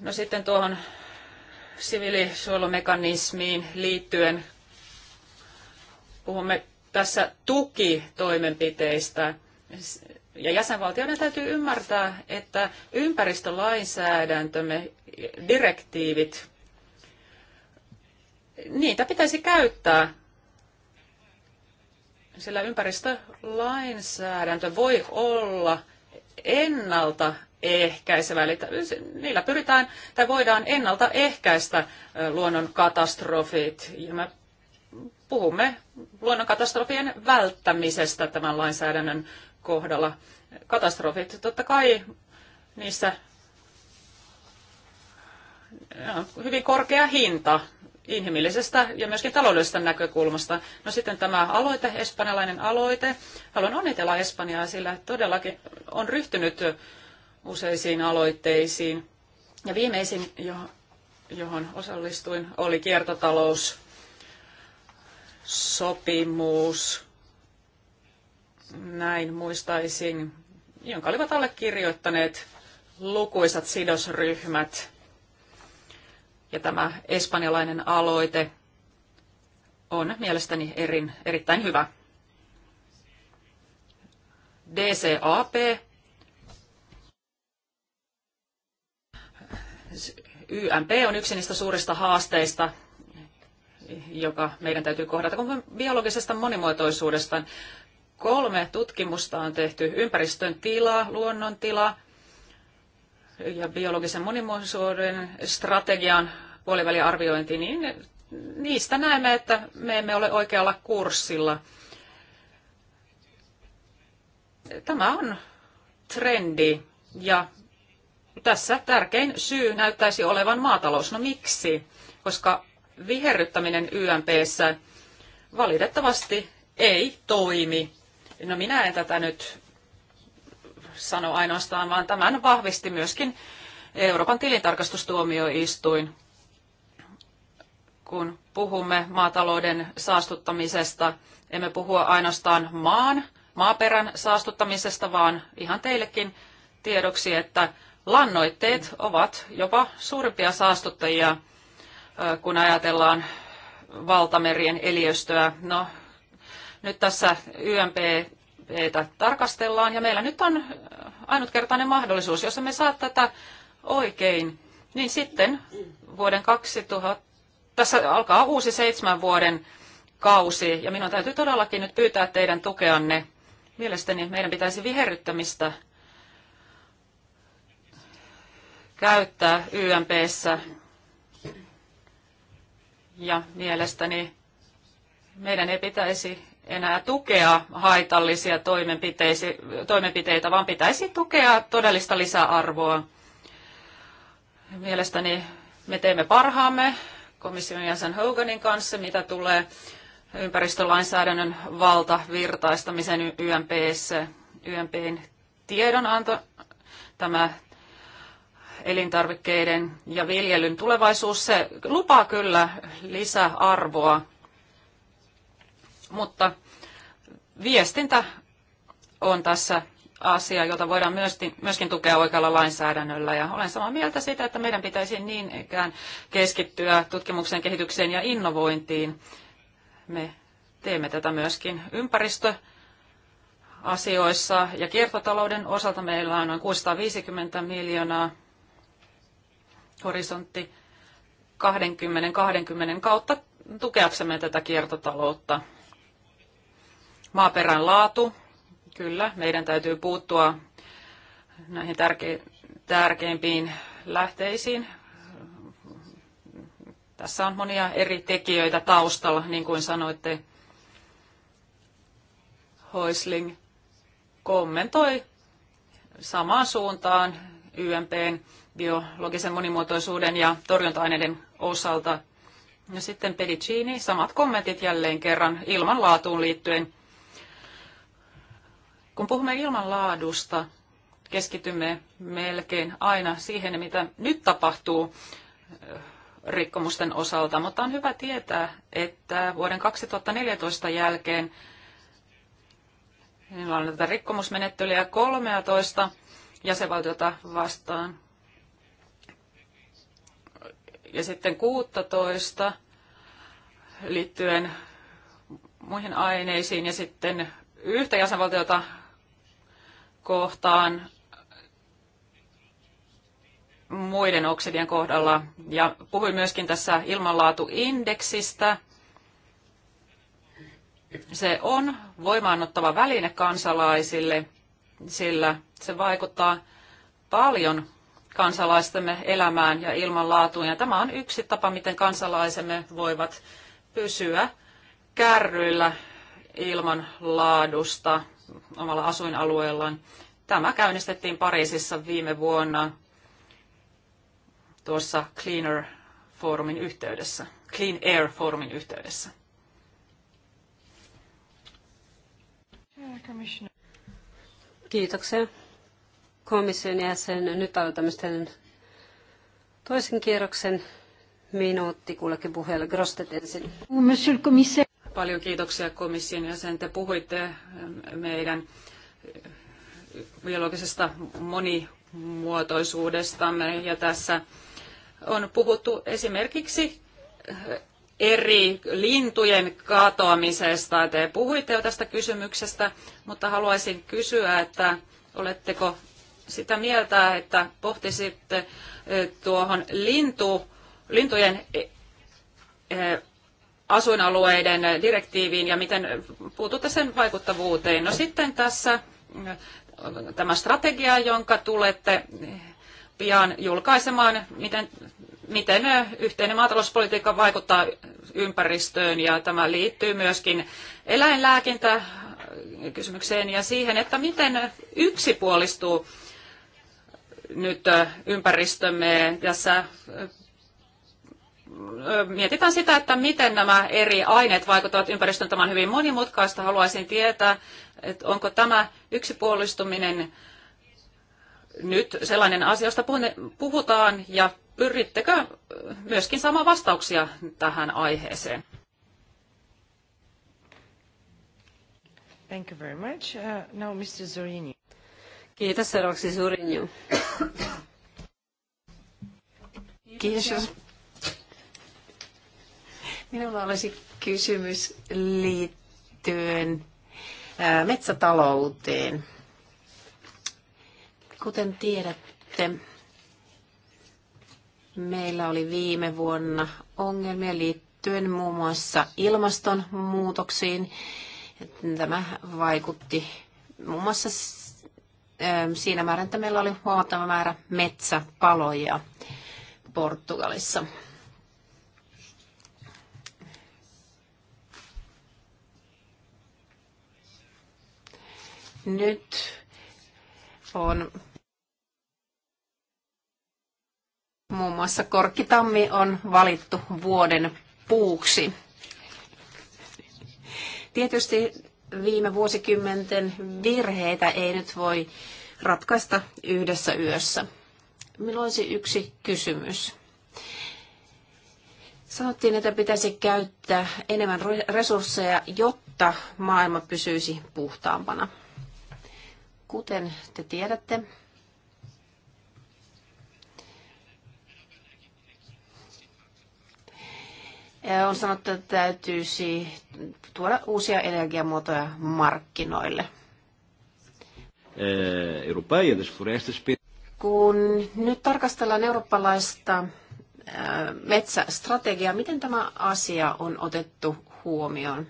No sitten tuohon siviilisuojelumekanismiin liittyen puhumme tässä tukitoimenpiteistä. Ja jäsenvaltioiden täytyy ymmärtää, että ympäristölainsäädäntömme, direktiivit, niitä pitäisi käyttää sillä ympäristölainsäädäntö voi olla ennalta ehkäisevä. Eli niillä pyritään tai voidaan ennaltaehkäistä luonnon katastrofit. Ja me puhumme luonnonkatastrofien välttämisestä tämän lainsäädännön kohdalla. Katastrofit, totta kai niissä on hyvin korkea hinta inhimillisestä ja myöskin taloudellisesta näkökulmasta. No sitten tämä aloite, espanjalainen aloite. Haluan onnitella Espanjaa, sillä todellakin on ryhtynyt useisiin aloitteisiin. Ja viimeisin, johon osallistuin, oli kiertotalous, sopimus, näin muistaisin, jonka olivat allekirjoittaneet lukuisat sidosryhmät – ja tämä espanjalainen aloite on mielestäni erin, erittäin hyvä. DCAP, YMP on yksi niistä suurista haasteista, joka meidän täytyy kohdata. Kun biologisesta monimuotoisuudesta kolme tutkimusta on tehty, ympäristön tila, luonnon tila ja biologisen monimuotoisuuden strategian puoliväliarviointi, niin niistä näemme, että me emme ole oikealla kurssilla. Tämä on trendi ja tässä tärkein syy näyttäisi olevan maatalous. No miksi? Koska viherryttäminen YMPssä valitettavasti ei toimi. No minä en tätä nyt sano ainoastaan, vaan tämän vahvisti myöskin Euroopan tilintarkastustuomioistuin, kun puhumme maatalouden saastuttamisesta. Emme puhu ainoastaan maan, maaperän saastuttamisesta, vaan ihan teillekin tiedoksi, että lannoitteet ovat jopa suurimpia saastuttajia, kun ajatellaan valtamerien eliöstöä. No, nyt tässä YMP EIPtä tarkastellaan. Ja meillä nyt on äh, ainutkertainen mahdollisuus, jos me saa tätä oikein, niin sitten vuoden 2000, tässä alkaa uusi seitsemän vuoden kausi, ja minun täytyy todellakin nyt pyytää teidän tukeanne. Mielestäni meidän pitäisi viherryttämistä käyttää YMPssä. Ja mielestäni meidän ei pitäisi enää tukea haitallisia toimenpiteitä, vaan pitäisi tukea todellista lisäarvoa. Mielestäni me teemme parhaamme komission jäsen Hoganin kanssa, mitä tulee ympäristölainsäädännön valtavirtaistamisen YMPssä, YMPn tiedonanto, tämä elintarvikkeiden ja viljelyn tulevaisuus, se lupaa kyllä lisäarvoa mutta viestintä on tässä asia, jota voidaan myöskin tukea oikealla lainsäädännöllä. Ja olen samaa mieltä siitä, että meidän pitäisi niin ikään keskittyä tutkimukseen, kehitykseen ja innovointiin. Me teemme tätä myöskin ympäristöasioissa ja kiertotalouden osalta meillä on noin 650 miljoonaa horisontti 20-20 kautta tukeaksemme tätä kiertotaloutta maaperän laatu. Kyllä, meidän täytyy puuttua näihin tärke- tärkeimpiin lähteisiin. Tässä on monia eri tekijöitä taustalla, niin kuin sanoitte. Hoisling kommentoi samaan suuntaan YMPn biologisen monimuotoisuuden ja torjunta-aineiden osalta. Ja sitten Pedicini, samat kommentit jälleen kerran ilmanlaatuun liittyen. Kun puhumme ilmanlaadusta, keskitymme melkein aina siihen, mitä nyt tapahtuu rikkomusten osalta, mutta on hyvä tietää, että vuoden 2014 jälkeen meillä on tätä rikkomusmenettelyä 13 jäsenvaltiota vastaan ja sitten 16 liittyen muihin aineisiin ja sitten yhtä jäsenvaltiota kohtaan muiden oksidien kohdalla. Ja puhuin myöskin tässä ilmanlaatuindeksistä. Se on voimaannuttava väline kansalaisille, sillä se vaikuttaa paljon kansalaistemme elämään ja ilmanlaatuun. Ja tämä on yksi tapa, miten kansalaisemme voivat pysyä kärryillä ilmanlaadusta omalla asuinalueellaan. Tämä käynnistettiin Pariisissa viime vuonna tuossa Cleaner Forumin yhteydessä, Clean Air Forumin yhteydessä. Kiitoksia komission jäsen. Nyt aloitamme toisen kierroksen minuutti kullekin puheelle. Grostet ensin. Monsieur le Paljon kiitoksia komission jäsen. Te puhuitte eh, meidän eh, biologisesta monimuotoisuudestamme ja tässä on puhuttu esimerkiksi eh, eri lintujen katoamisesta. Te puhuitte jo tästä kysymyksestä, mutta haluaisin kysyä, että oletteko sitä mieltä, että pohtisitte tuohon lintu, lintujen asuinalueiden direktiiviin ja miten puututte sen vaikuttavuuteen. No sitten tässä mm, tämä strategia, jonka tulette pian julkaisemaan, miten, miten yhteinen maatalouspolitiikka vaikuttaa ympäristöön ja tämä liittyy myöskin eläinlääkintä kysymykseen ja siihen, että miten yksipuolistuu nyt ympäristömme. Tässä mietitään sitä, että miten nämä eri aineet vaikuttavat ympäristöön. Tämä on hyvin monimutkaista. Haluaisin tietää, että onko tämä yksipuolistuminen nyt sellainen asia, josta puhutaan, ja pyrittekö myöskin saamaan vastauksia tähän aiheeseen? Thank you very much. Uh, now Mr. Zorini. Kiitos, seuraavaksi Zorinio. Kiitos. Minulla olisi kysymys liittyen metsätalouteen. Kuten tiedätte, meillä oli viime vuonna ongelmia liittyen muun muassa ilmastonmuutoksiin. Tämä vaikutti muun muassa siinä määrin, että meillä oli huomattava määrä metsäpaloja Portugalissa. Nyt on muun muassa korkkitammi on valittu vuoden puuksi. Tietysti viime vuosikymmenten virheitä ei nyt voi ratkaista yhdessä yössä. Minulla olisi yksi kysymys. Sanottiin, että pitäisi käyttää enemmän resursseja, jotta maailma pysyisi puhtaampana. Kuten te tiedätte, eh, on sanottu, että täytyisi tuoda uusia energiamuotoja markkinoille. Eh, Kun nyt tarkastellaan eurooppalaista eh, metsästrategiaa, miten tämä asia on otettu huomioon?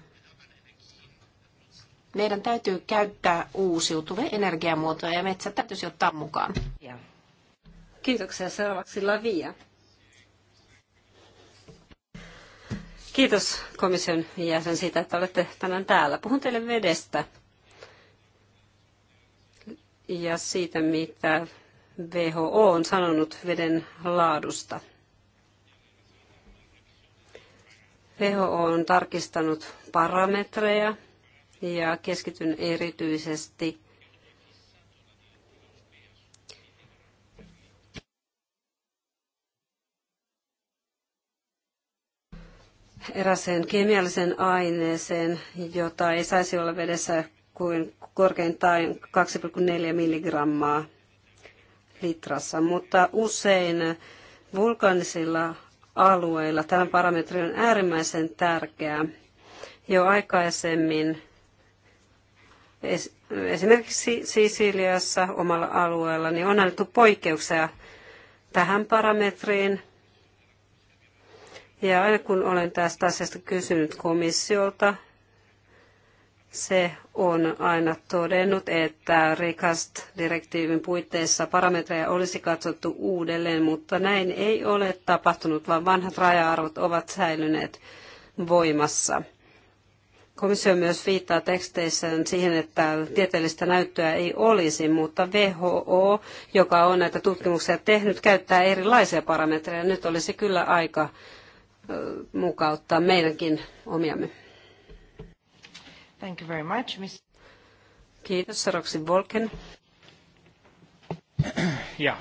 Meidän täytyy käyttää uusiutuvia energiamuotoja ja metsät täytyisi ottaa mukaan. Kiitoksia. Seuraavaksi Lavia. Kiitos komission jäsen siitä, että olette tänään täällä. Puhun teille vedestä ja siitä, mitä WHO on sanonut veden laadusta. WHO on tarkistanut parametreja ja keskityn erityisesti eräseen kemialliseen aineeseen, jota ei saisi olla vedessä kuin korkeintaan 2,4 milligrammaa litrassa, mutta usein vulkaanisilla alueilla tämä parametri on äärimmäisen tärkeä. Jo aikaisemmin Esimerkiksi Sisiliassa omalla alueella niin on annettu poikkeuksia tähän parametriin. Ja aina kun olen tästä asiasta kysynyt komissiolta, se on aina todennut, että rikast direktiivin puitteissa parametreja olisi katsottu uudelleen, mutta näin ei ole tapahtunut, vaan vanhat raja-arvot ovat säilyneet voimassa. Komissio myös viittaa teksteissään siihen, että tieteellistä näyttöä ei olisi, mutta WHO, joka on näitä tutkimuksia tehnyt, käyttää erilaisia parametreja. Nyt olisi kyllä aika mukauttaa meidänkin omiamme. Thank you very much, Miss... Kiitos, Roksi Volken. yeah.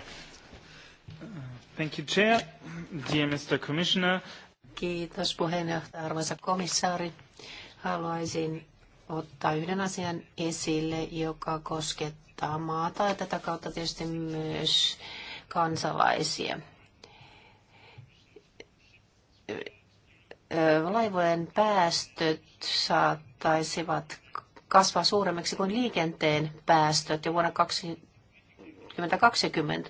Thank you, Chair. Dear Mr. Commissioner. Kiitos puheenjohtaja, arvoisa komissaari haluaisin ottaa yhden asian esille, joka koskettaa maata ja tätä kautta tietysti myös kansalaisia. Laivojen päästöt saattaisivat kasvaa suuremmiksi kuin liikenteen päästöt jo vuonna 2020.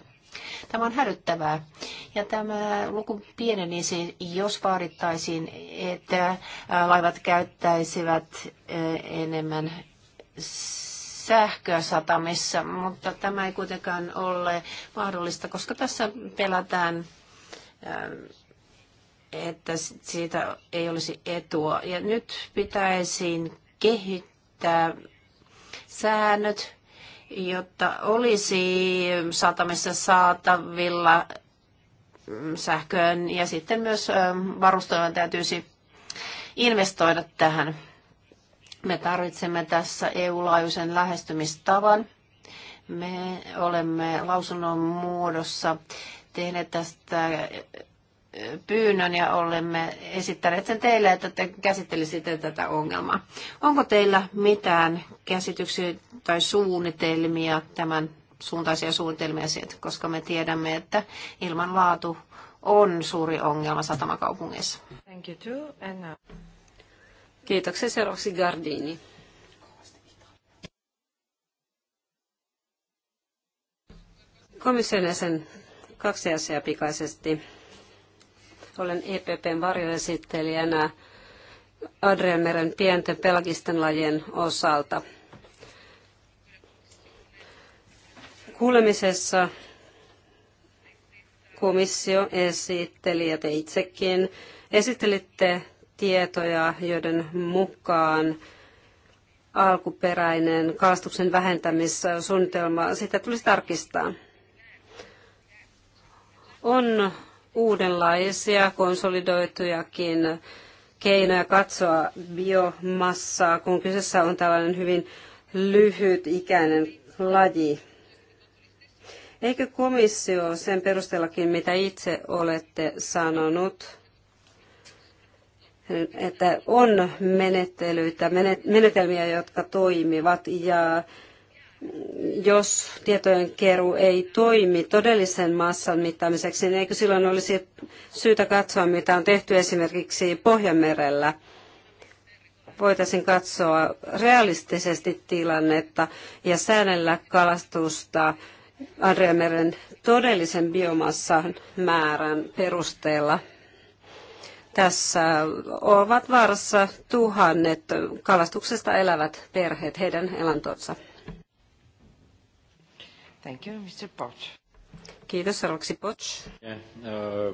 Tämä on hälyttävää. Ja tämä luku pienenisi, siis jos vaadittaisiin, että laivat käyttäisivät enemmän sähköä satamissa, mutta tämä ei kuitenkaan ole mahdollista, koska tässä pelätään, että siitä ei olisi etua. Ja nyt pitäisi kehittää säännöt, jotta olisi satamissa saatavilla mm, sähköön ja sitten myös varustoilla täytyisi investoida tähän. Me tarvitsemme tässä EU-laajuisen lähestymistavan. Me olemme lausunnon muodossa tehneet tästä pyynnön ja olemme esittäneet sen teille, että te käsittelisitte tätä ongelmaa. Onko teillä mitään käsityksiä tai suunnitelmia, tämän suuntaisia suunnitelmia siitä, koska me tiedämme, että ilman laatu on suuri ongelma satamakaupungissa. Thank you too, Anna. Uh, Kiitoksia seuraavaksi Gardini. Komission jäsen kaksi asiaa pikaisesti. Olen EPPn varjoesittelijänä Adrianmeren pienten pelagisten lajien osalta. Kuulemisessa komissio esitteli ja te itsekin esittelitte tietoja, joiden mukaan alkuperäinen kalastuksen vähentämissuunnitelma, sitä tulisi tarkistaa. On uudenlaisia konsolidoitujakin keinoja katsoa biomassaa, kun kyseessä on tällainen hyvin lyhyt ikäinen laji. Eikö komissio sen perusteellakin, mitä itse olette sanonut, että on menettelyitä, menetelmiä, jotka toimivat ja jos tietojen keruu ei toimi todellisen massan mittaamiseksi, niin eikö silloin olisi syytä katsoa, mitä on tehty esimerkiksi Pohjanmerellä? Voitaisiin katsoa realistisesti tilannetta ja säännellä kalastusta Adriameren todellisen biomassan määrän perusteella. Tässä ovat vaarassa tuhannet kalastuksesta elävät perheet, heidän elantonsa. Thank you, Mr. Potch. Kiitos, Roksi Potch. Eh,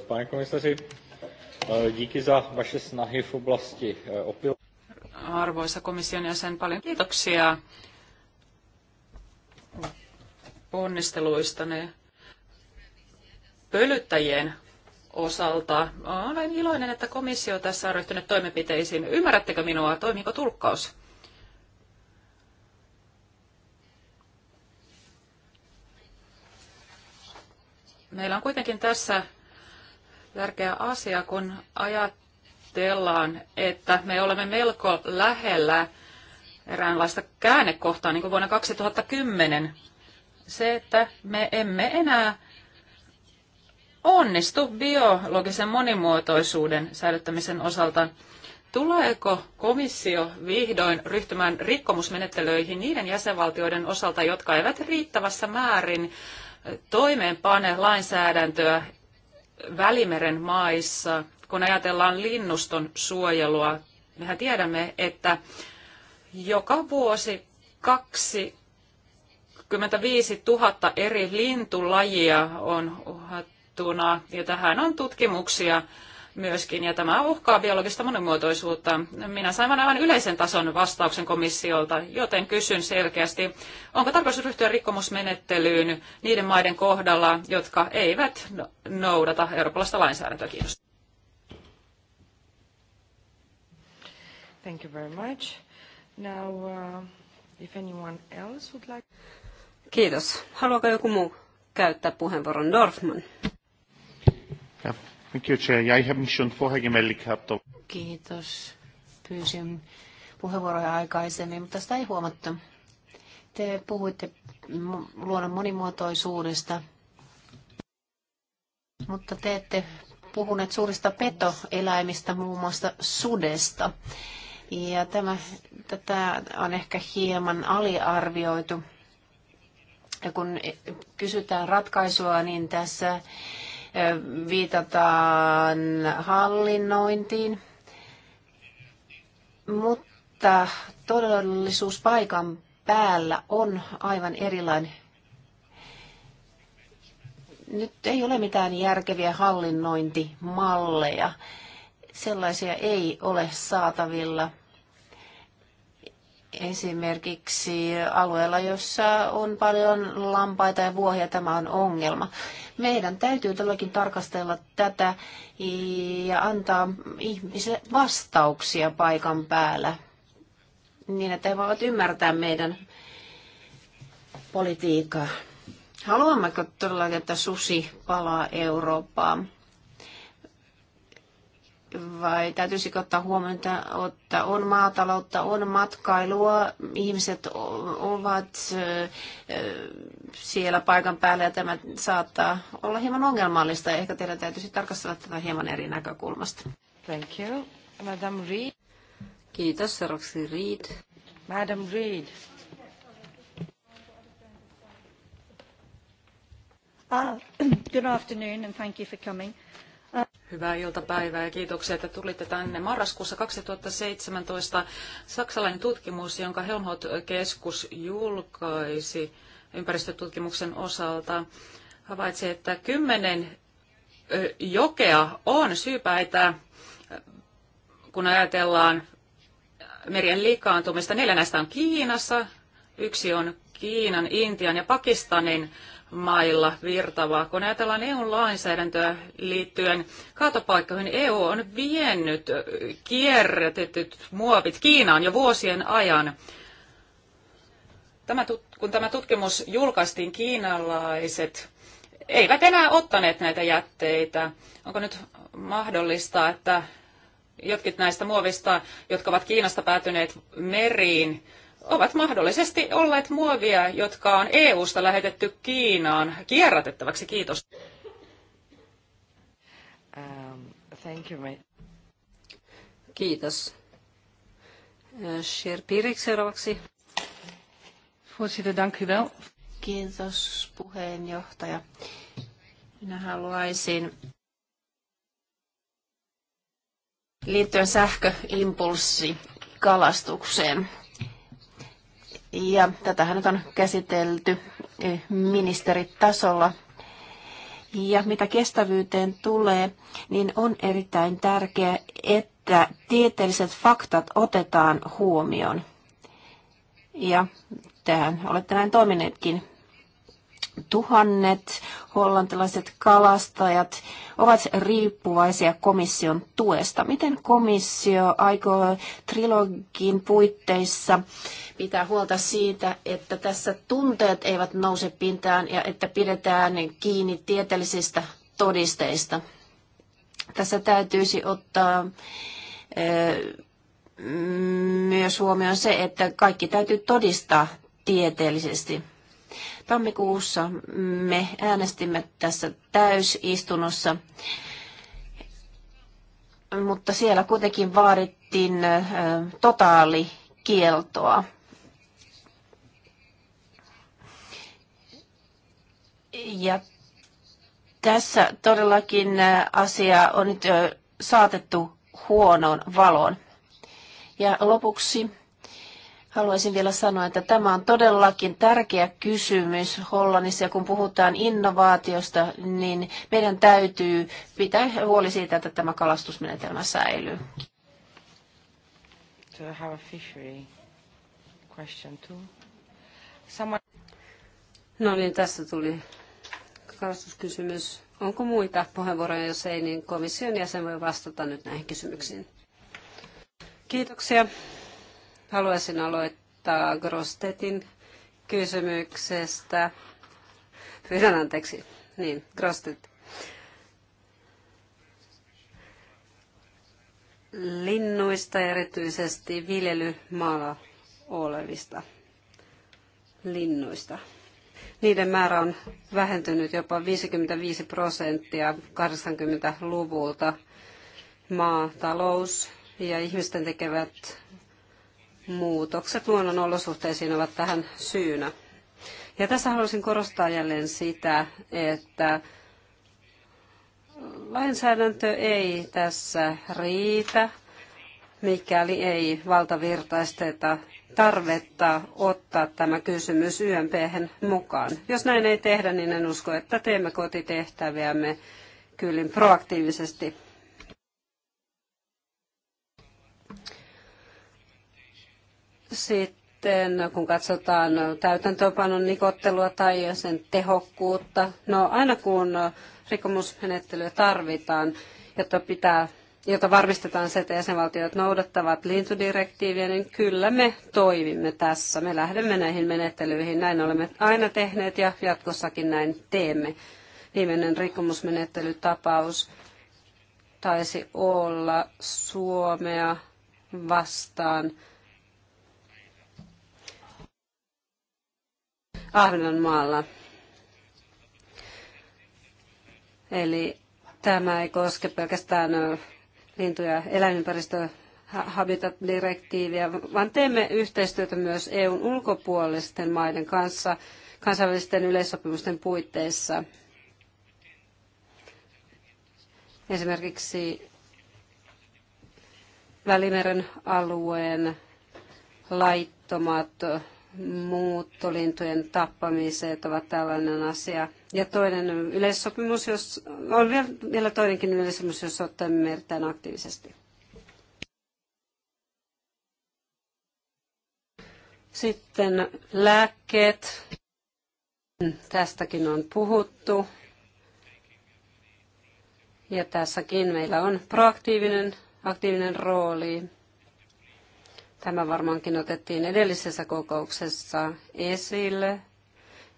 pane komissari, eh, díky za vaše snahy v oblasti eh, opil... Arvoisa komission jäsen, paljon kiitoksia ponnisteluistanne pölyttäjien osalta. Olen iloinen, että komissio tässä on ryhtynyt toimenpiteisiin. Ymmärrättekö minua? Toimiiko tulkkaus? Meillä on kuitenkin tässä tärkeä asia, kun ajatellaan, että me olemme melko lähellä eräänlaista käännekohtaa, niin kuin vuonna 2010. Se, että me emme enää onnistu biologisen monimuotoisuuden säilyttämisen osalta. Tuleeko komissio vihdoin ryhtymään rikkomusmenettelyihin niiden jäsenvaltioiden osalta, jotka eivät riittävässä määrin toimeenpane lainsäädäntöä Välimeren maissa, kun ajatellaan linnuston suojelua. Mehän tiedämme, että joka vuosi 25 000 eri lintulajia on uhattuna, ja tähän on tutkimuksia myöskin, ja tämä uhkaa biologista monimuotoisuutta. Minä sain aivan yleisen tason vastauksen komissiolta, joten kysyn selkeästi, onko tarkoitus ryhtyä rikkomusmenettelyyn niiden maiden kohdalla, jotka eivät no- noudata eurooppalaista lainsäädäntöä? Kiitos. Thank you very much. Now, uh, if anyone else would like... Kiitos. Haluaako joku muu käyttää puheenvuoron? Dorfman. Kiitos. Pyysin puheenvuoroja aikaisemmin, mutta sitä ei huomattu. Te puhuitte luonnon monimuotoisuudesta, mutta te ette puhuneet suurista petoeläimistä, muun muassa sudesta. Ja tämä, tätä on ehkä hieman aliarvioitu. Ja kun kysytään ratkaisua, niin tässä viitataan hallinnointiin, mutta todellisuus paikan päällä on aivan erilainen. Nyt ei ole mitään järkeviä hallinnointimalleja. Sellaisia ei ole saatavilla – esimerkiksi alueella, jossa on paljon lampaita ja vuohia, tämä on ongelma. Meidän täytyy todellakin tarkastella tätä ja antaa ihmisille vastauksia paikan päällä, niin että he voivat ymmärtää meidän politiikkaa. Haluammeko todellakin, että susi palaa Eurooppaan? vai täytyisikö ottaa huomioon, että on maataloutta, on matkailua, ihmiset ovat siellä paikan päällä ja tämä saattaa olla hieman ongelmallista. Ehkä teidän täytyisi tarkastella tätä hieman eri näkökulmasta. Thank you. Madam Reed. Kiitos, seuraavaksi Reed. Madam Reed. Uh, ah, good afternoon and thank you for coming. Hyvää iltapäivää ja kiitoksia, että tulitte tänne. Marraskuussa 2017 saksalainen tutkimus, jonka Helmholtz-keskus julkaisi ympäristötutkimuksen osalta, havaitsi, että kymmenen jokea on syypäitä, kun ajatellaan merien liikaantumista. Neljä näistä on Kiinassa, yksi on Kiinan, Intian ja Pakistanin mailla virtavaa. Kun ajatellaan EUn lainsäädäntöä liittyen kaatopaikkoihin, EU on viennyt kierrätetyt muovit Kiinaan jo vuosien ajan. Tämä, kun tämä tutkimus julkaistiin, kiinalaiset eivät enää ottaneet näitä jätteitä. Onko nyt mahdollista, että jotkut näistä muovista, jotka ovat Kiinasta päätyneet meriin, ovat mahdollisesti olleet muovia, jotka on EU-sta lähetetty Kiinaan kierrätettäväksi. Kiitos. Um, thank you, Kiitos. Äh, Sher seuraavaksi. Kiitos puheenjohtaja. Minä haluaisin liittyen sähköimpulssi kalastukseen ja tätähän nyt on käsitelty eh, ministeritasolla. Ja mitä kestävyyteen tulee, niin on erittäin tärkeää, että tieteelliset faktat otetaan huomioon. Ja tehän olette näin toimineetkin. Tuhannet hollantilaiset kalastajat ovat riippuvaisia komission tuesta. Miten komissio aikoo trilogin puitteissa pitää huolta siitä, että tässä tunteet eivät nouse pintaan ja että pidetään kiinni tieteellisistä todisteista? Tässä täytyisi ottaa myös huomioon se, että kaikki täytyy todistaa tieteellisesti. Tammikuussa me äänestimme tässä täysistunnossa, mutta siellä kuitenkin vaadittiin totaalikieltoa. Ja tässä todellakin asia on nyt saatettu huonoon valoon. Ja lopuksi haluaisin vielä sanoa, että tämä on todellakin tärkeä kysymys Hollannissa. Ja kun puhutaan innovaatiosta, niin meidän täytyy pitää huoli siitä, että tämä kalastusmenetelmä säilyy. No niin, tässä tuli kalastuskysymys. Onko muita puheenvuoroja? Jos ei, niin komission jäsen voi vastata nyt näihin kysymyksiin. Kiitoksia. Haluaisin aloittaa Grostetin kysymyksestä. Pyydän anteeksi. Niin, Grostet. Linnuista erityisesti viljelymaalla olevista linnuista. Niiden määrä on vähentynyt jopa 55 prosenttia 80-luvulta. Maatalous ja ihmisten tekevät muutokset olosuhteisiin ovat tähän syynä. Ja tässä haluaisin korostaa jälleen sitä, että lainsäädäntö ei tässä riitä, mikäli ei valtavirtaisteta tarvetta ottaa tämä kysymys ymp mukaan. Jos näin ei tehdä, niin en usko, että teemme kotitehtäviämme kyllin proaktiivisesti. Sitten kun katsotaan täytäntöönpanon nikottelua tai sen tehokkuutta, no aina kun rikkomusmenettelyä tarvitaan, jotta pitää jota varmistetaan se, että jäsenvaltiot noudattavat lintudirektiiviä, niin kyllä me toimimme tässä. Me lähdemme näihin menettelyihin. Näin olemme aina tehneet ja jatkossakin näin teemme. Viimeinen rikkomusmenettelytapaus taisi olla Suomea vastaan Ahvenanmaalla. Eli tämä ei koske pelkästään lintu- ja eläinympäristö direktiiviä vaan teemme yhteistyötä myös EUn ulkopuolisten maiden kanssa kansainvälisten yleissopimusten puitteissa. Esimerkiksi Välimeren alueen laittomat muuttolintujen tappamiset ovat tällainen asia. Ja toinen yleissopimus, jos, on vielä toinenkin yleissopimus, jos ottamme erittäin aktiivisesti. Sitten lääkkeet. Tästäkin on puhuttu. Ja tässäkin meillä on proaktiivinen aktiivinen rooli. Tämä varmaankin otettiin edellisessä kokouksessa esille.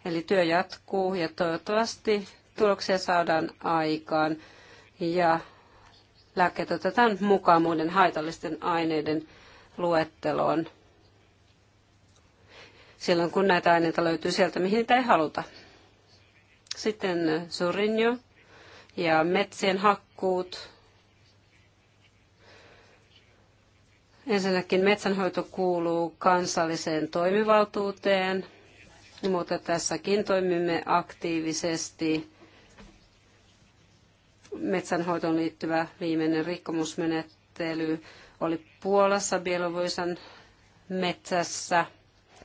Eli työ jatkuu ja toivottavasti tuloksia saadaan aikaan ja lääkkeet otetaan mukaan muiden haitallisten aineiden luetteloon silloin, kun näitä aineita löytyy sieltä, mihin niitä ei haluta. Sitten surinjo ja metsien hakkuut. Ensinnäkin metsänhoito kuuluu kansalliseen toimivaltuuteen, mutta tässäkin toimimme aktiivisesti. Metsänhoitoon liittyvä viimeinen rikkomusmenettely oli Puolassa Bielovoisan metsässä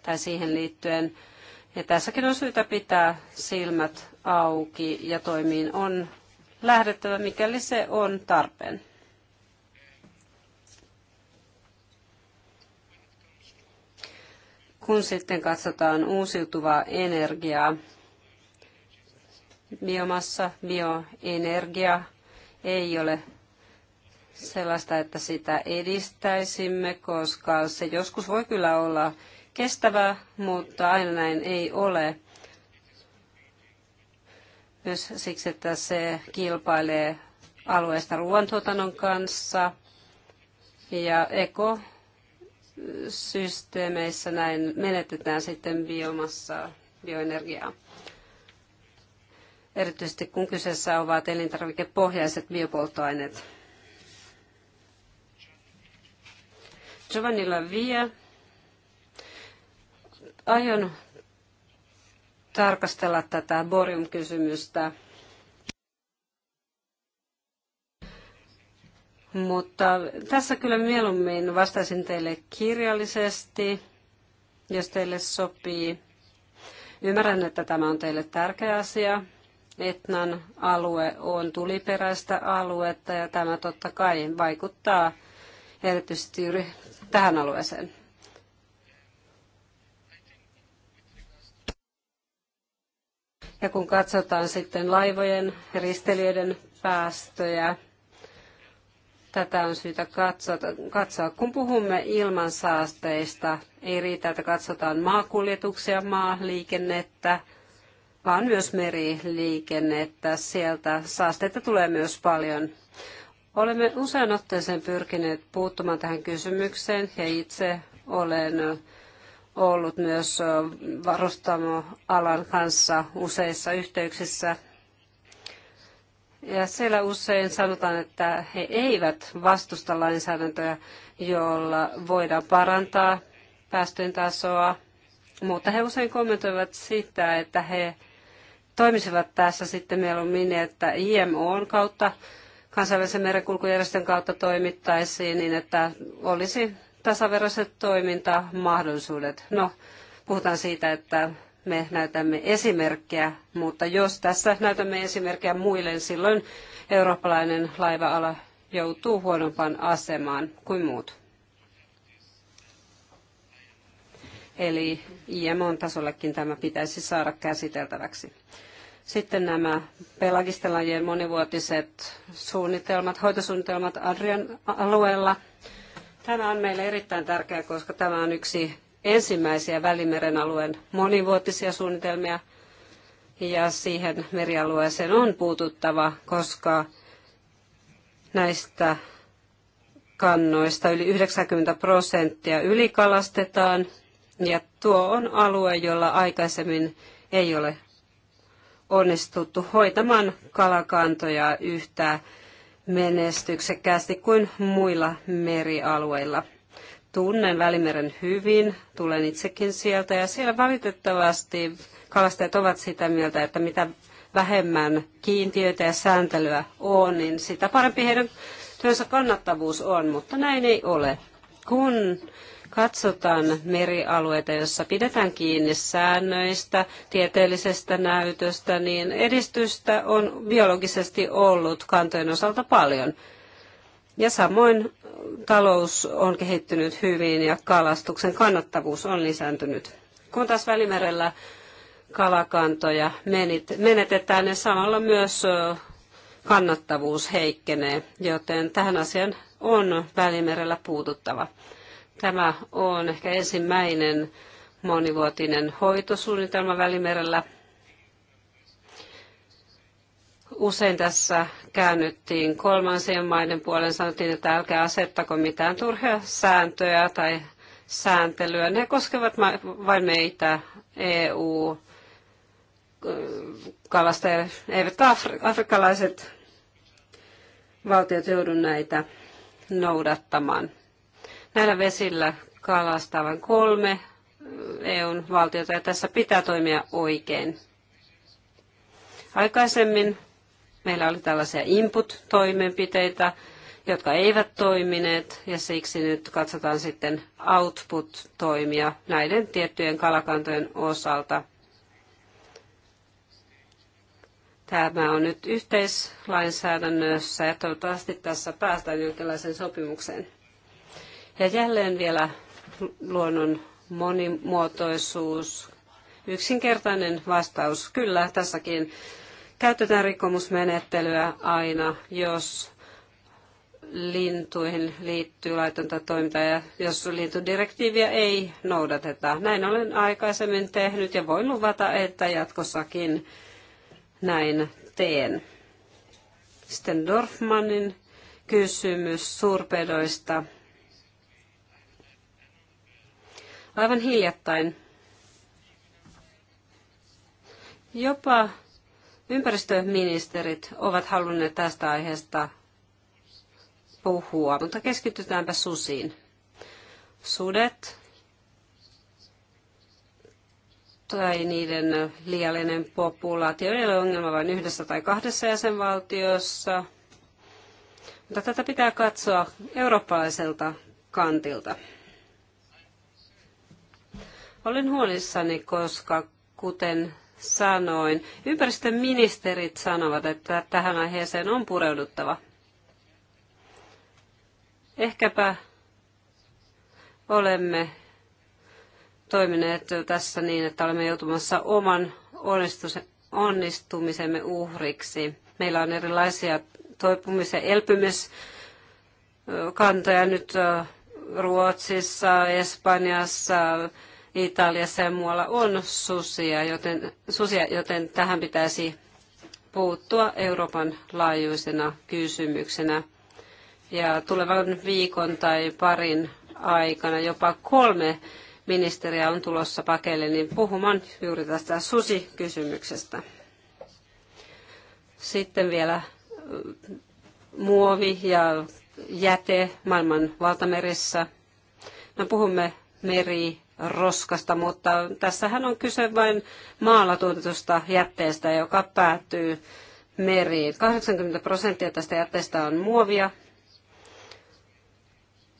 tai siihen liittyen. Ja tässäkin on syytä pitää silmät auki ja toimiin on lähdettävä, mikäli se on tarpeen. Kun sitten katsotaan uusiutuvaa energiaa, biomassa, bioenergia ei ole sellaista, että sitä edistäisimme, koska se joskus voi kyllä olla kestävää, mutta aina näin ei ole. Myös siksi, että se kilpailee alueesta ruoantuotannon kanssa ja eko systeemeissä näin menetetään sitten biomassaa, bioenergiaa. Erityisesti kun kyseessä ovat elintarvikepohjaiset biopolttoaineet. Giovanni Lavia. Aion tarkastella tätä borium-kysymystä Mutta tässä kyllä mieluummin vastaisin teille kirjallisesti, jos teille sopii. Ymmärrän, että tämä on teille tärkeä asia. Etnan alue on tuliperäistä aluetta ja tämä totta kai vaikuttaa erityisesti juuri tähän alueeseen. Ja kun katsotaan sitten laivojen ja risteilijöiden päästöjä, Tätä on syytä katsoa, katsoa. Kun puhumme ilmansaasteista, ei riitä, että katsotaan maakuljetuksia, maaliikennettä, vaan myös meriliikennettä. Sieltä saasteita tulee myös paljon. Olemme usein otteeseen pyrkineet puuttumaan tähän kysymykseen ja itse olen ollut myös varustamoalan kanssa useissa yhteyksissä ja siellä usein sanotaan, että he eivät vastusta lainsäädäntöä, jolla voidaan parantaa päästöjen tasoa, mutta he usein kommentoivat sitä, että he toimisivat tässä sitten mieluummin, että IMOn kautta, kansainvälisen merenkulkujärjestön kautta toimittaisiin niin, että olisi tasaveroiset toimintamahdollisuudet. No, puhutaan siitä, että me näytämme esimerkkejä, mutta jos tässä näytämme esimerkkejä muille, niin silloin eurooppalainen laiva-ala joutuu huonompaan asemaan kuin muut. Eli IMOn tasollekin tämä pitäisi saada käsiteltäväksi. Sitten nämä pelagistelajien monivuotiset suunnitelmat, hoitosuunnitelmat Adrian alueella. Tämä on meille erittäin tärkeää, koska tämä on yksi ensimmäisiä Välimeren alueen monivuotisia suunnitelmia ja siihen merialueeseen on puututtava, koska näistä kannoista yli 90 prosenttia ylikalastetaan ja tuo on alue, jolla aikaisemmin ei ole onnistuttu hoitamaan kalakantoja yhtä menestyksekkäästi kuin muilla merialueilla. Tunnen Välimeren hyvin, tulen itsekin sieltä ja siellä valitettavasti kalastajat ovat sitä mieltä, että mitä vähemmän kiintiöitä ja sääntelyä on, niin sitä parempi heidän työnsä kannattavuus on, mutta näin ei ole. Kun katsotaan merialueita, joissa pidetään kiinni säännöistä, tieteellisestä näytöstä, niin edistystä on biologisesti ollut kantojen osalta paljon. Ja samoin talous on kehittynyt hyvin ja kalastuksen kannattavuus on lisääntynyt. Kun taas Välimerellä kalakantoja menetetään, niin samalla myös kannattavuus heikkenee, joten tähän asiaan on Välimerellä puututtava. Tämä on ehkä ensimmäinen monivuotinen hoitosuunnitelma Välimerellä usein tässä käännyttiin kolmansien maiden puolen, sanottiin, että älkää asettako mitään turhia sääntöjä tai sääntelyä. Ne koskevat vain meitä, EU, kalastajat, eivät afrikkalaiset valtiot joudu näitä noudattamaan. Näillä vesillä kalastaa vain kolme EUn valtiota ja tässä pitää toimia oikein. Aikaisemmin Meillä oli tällaisia input-toimenpiteitä, jotka eivät toimineet, ja siksi nyt katsotaan sitten output-toimia näiden tiettyjen kalakantojen osalta. Tämä on nyt yhteislainsäädännössä ja toivottavasti tässä päästään jonkinlaiseen sopimukseen. Ja jälleen vielä luonnon monimuotoisuus. Yksinkertainen vastaus, kyllä tässäkin käytetään rikkomusmenettelyä aina, jos lintuihin liittyy laitonta toimintaa ja jos lintudirektiiviä ei noudateta. Näin olen aikaisemmin tehnyt ja voin luvata, että jatkossakin näin teen. Sitten Dorfmanin kysymys suurpedoista. Aivan hiljattain. Jopa Ympäristöministerit ovat halunneet tästä aiheesta puhua, mutta keskitytäänpä susiin. Sudet tai niiden liiallinen populaatio ei ole ongelma vain yhdessä tai kahdessa jäsenvaltiossa, mutta tätä pitää katsoa eurooppalaiselta kantilta. Olen huolissani, koska kuten sanoin. Ympäristöministerit sanovat, että tähän aiheeseen on pureuduttava. Ehkäpä olemme toimineet tässä niin, että olemme joutumassa oman onnistumisemme uhriksi. Meillä on erilaisia toipumis- ja elpymiskantoja nyt Ruotsissa, Espanjassa, Italiassa ja muualla on susia, joten, susia, joten tähän pitäisi puuttua Euroopan laajuisena kysymyksenä. Ja tulevan viikon tai parin aikana jopa kolme ministeriä on tulossa pakeille, niin puhumaan juuri tästä susikysymyksestä. Sitten vielä mm, muovi ja jäte maailman valtamerissä. No puhumme meri roskasta, mutta tässähän on kyse vain maalla tuotetusta jätteestä, joka päätyy meriin. 80 prosenttia tästä jätteestä on muovia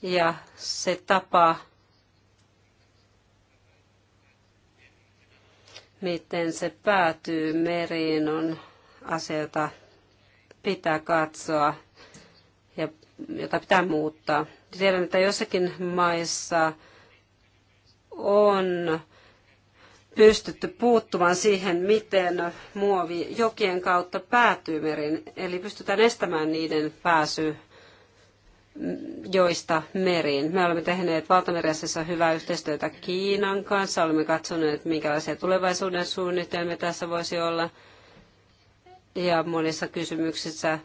ja se tapa, miten se päätyy meriin, on asia, jota pitää katsoa ja jota pitää muuttaa. Tiedän, että jossakin maissa on pystytty puuttumaan siihen, miten muovi jokien kautta päätyy meriin. Eli pystytään estämään niiden pääsy joista meriin. Me olemme tehneet valtameriasiassa hyvää yhteistyötä Kiinan kanssa. Olemme katsoneet, minkälaisia tulevaisuuden suunnitelmia tässä voisi olla. Ja monissa kysymyksissä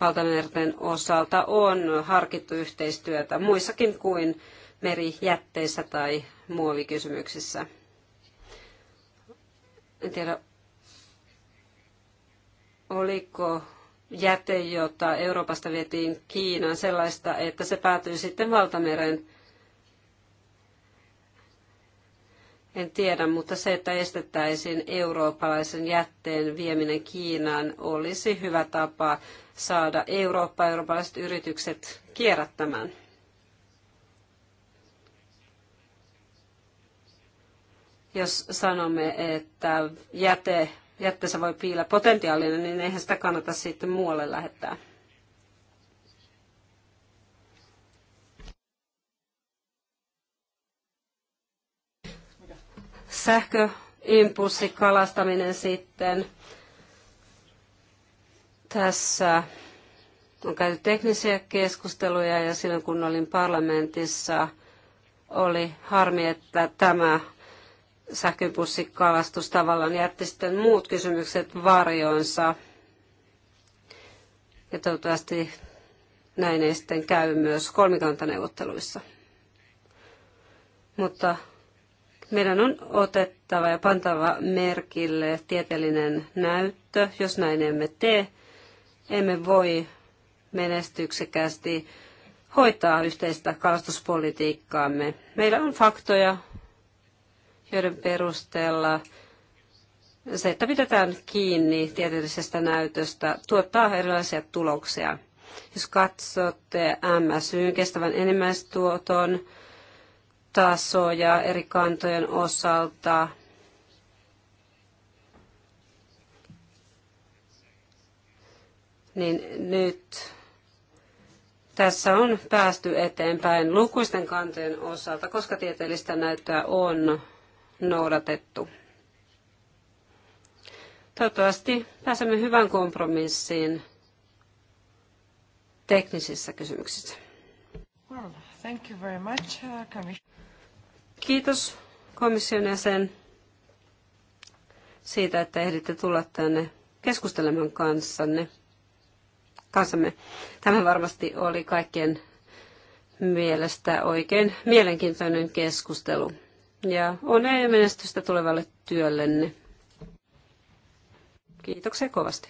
valtamerten osalta on harkittu yhteistyötä muissakin kuin merijätteissä tai muovikysymyksissä. En tiedä, oliko jäte, jota Euroopasta vietiin Kiinaan sellaista, että se päätyi sitten valtameren. En tiedä, mutta se, että estettäisiin eurooppalaisen jätteen vieminen Kiinaan, olisi hyvä tapa saada Eurooppa, eurooppalaiset yritykset kierrättämään. Jos sanomme, että jäte, jätteessä voi piillä potentiaalinen, niin eihän sitä kannata sitten muualle lähettää. Sähköimpulssi kalastaminen sitten. Tässä on käyty teknisiä keskusteluja ja silloin kun olin parlamentissa, oli harmi, että tämä sähköpussikalastus tavallaan jätti sitten muut kysymykset varjoonsa. Ja toivottavasti näin ei sitten käy myös kolmikantaneuvotteluissa. Mutta meidän on otettava ja pantava merkille tieteellinen näyttö. Jos näin emme tee, emme voi menestyksekästi hoitaa yhteistä kalastuspolitiikkaamme. Meillä on faktoja, joiden perusteella se, että pidetään kiinni tieteellisestä näytöstä, tuottaa erilaisia tuloksia. Jos katsotte MSYn kestävän enimmäistuoton tasoja eri kantojen osalta, niin nyt tässä on päästy eteenpäin lukuisten kantojen osalta, koska tieteellistä näyttöä on noudatettu. Toivottavasti pääsemme hyvään kompromissiin teknisissä kysymyksissä. Well, thank you very much, uh, Kiitos komission jäsen siitä, että ehditte tulla tänne keskustelemaan kanssanne. kanssamme. Tämä varmasti oli kaikkien mielestä oikein mielenkiintoinen keskustelu. Ja onnea ja menestystä tulevalle työllenne. Kiitoksia kovasti.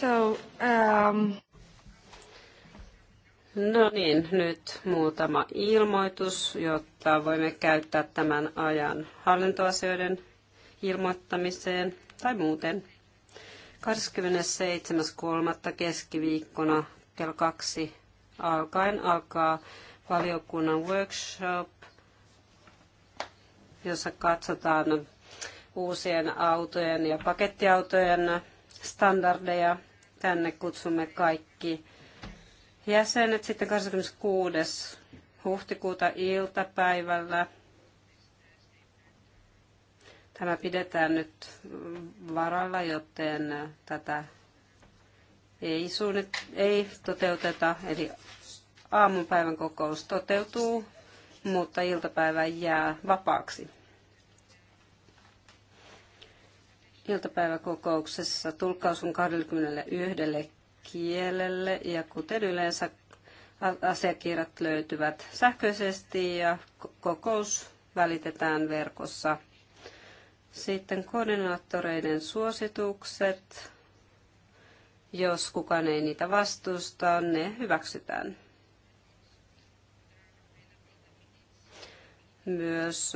So, um... No niin, nyt muutama ilmoitus, jotta voimme käyttää tämän ajan hallintoasioiden ilmoittamiseen tai muuten. 27.3. keskiviikkona kello kaksi alkaen alkaa valiokunnan workshop, jossa katsotaan uusien autojen ja pakettiautojen standardeja. Tänne kutsumme kaikki jäsenet sitten 26. huhtikuuta iltapäivällä. Tämä pidetään nyt varalla, joten tätä ei, suunnit- ei toteuteta, eli aamupäivän kokous toteutuu, mutta iltapäivä jää vapaaksi. iltapäiväkokouksessa tulkkaus on 21 kielelle ja kuten yleensä asiakirjat löytyvät sähköisesti ja kokous välitetään verkossa. Sitten koordinaattoreiden suositukset. Jos kukaan ei niitä vastusta, ne hyväksytään. Myös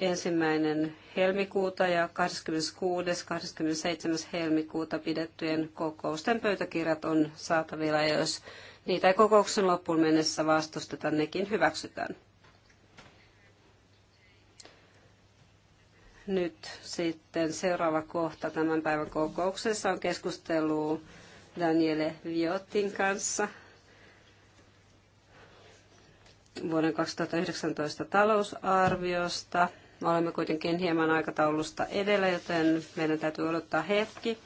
ensimmäinen helmikuuta ja 26. 27. helmikuuta pidettyjen kokousten pöytäkirjat on saatavilla ja jos niitä ei kokouksen loppuun mennessä vastusteta, nekin hyväksytään. Nyt sitten seuraava kohta tämän päivän kokouksessa on keskustelu Daniele Viotin kanssa vuoden 2019 talousarviosta me olemme kuitenkin hieman aikataulusta edellä, joten meidän täytyy odottaa hetki.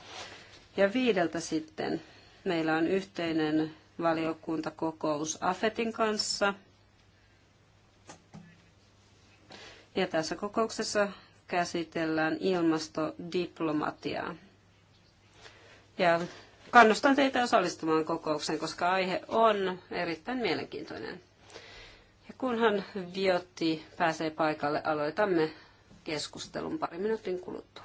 Ja viideltä sitten meillä on yhteinen valiokuntakokous AFETin kanssa. Ja tässä kokouksessa käsitellään ilmastodiplomatiaa. Ja kannustan teitä osallistumaan kokoukseen, koska aihe on erittäin mielenkiintoinen. Kunhan Viotti pääsee paikalle, aloitamme keskustelun pari minuutin kuluttua.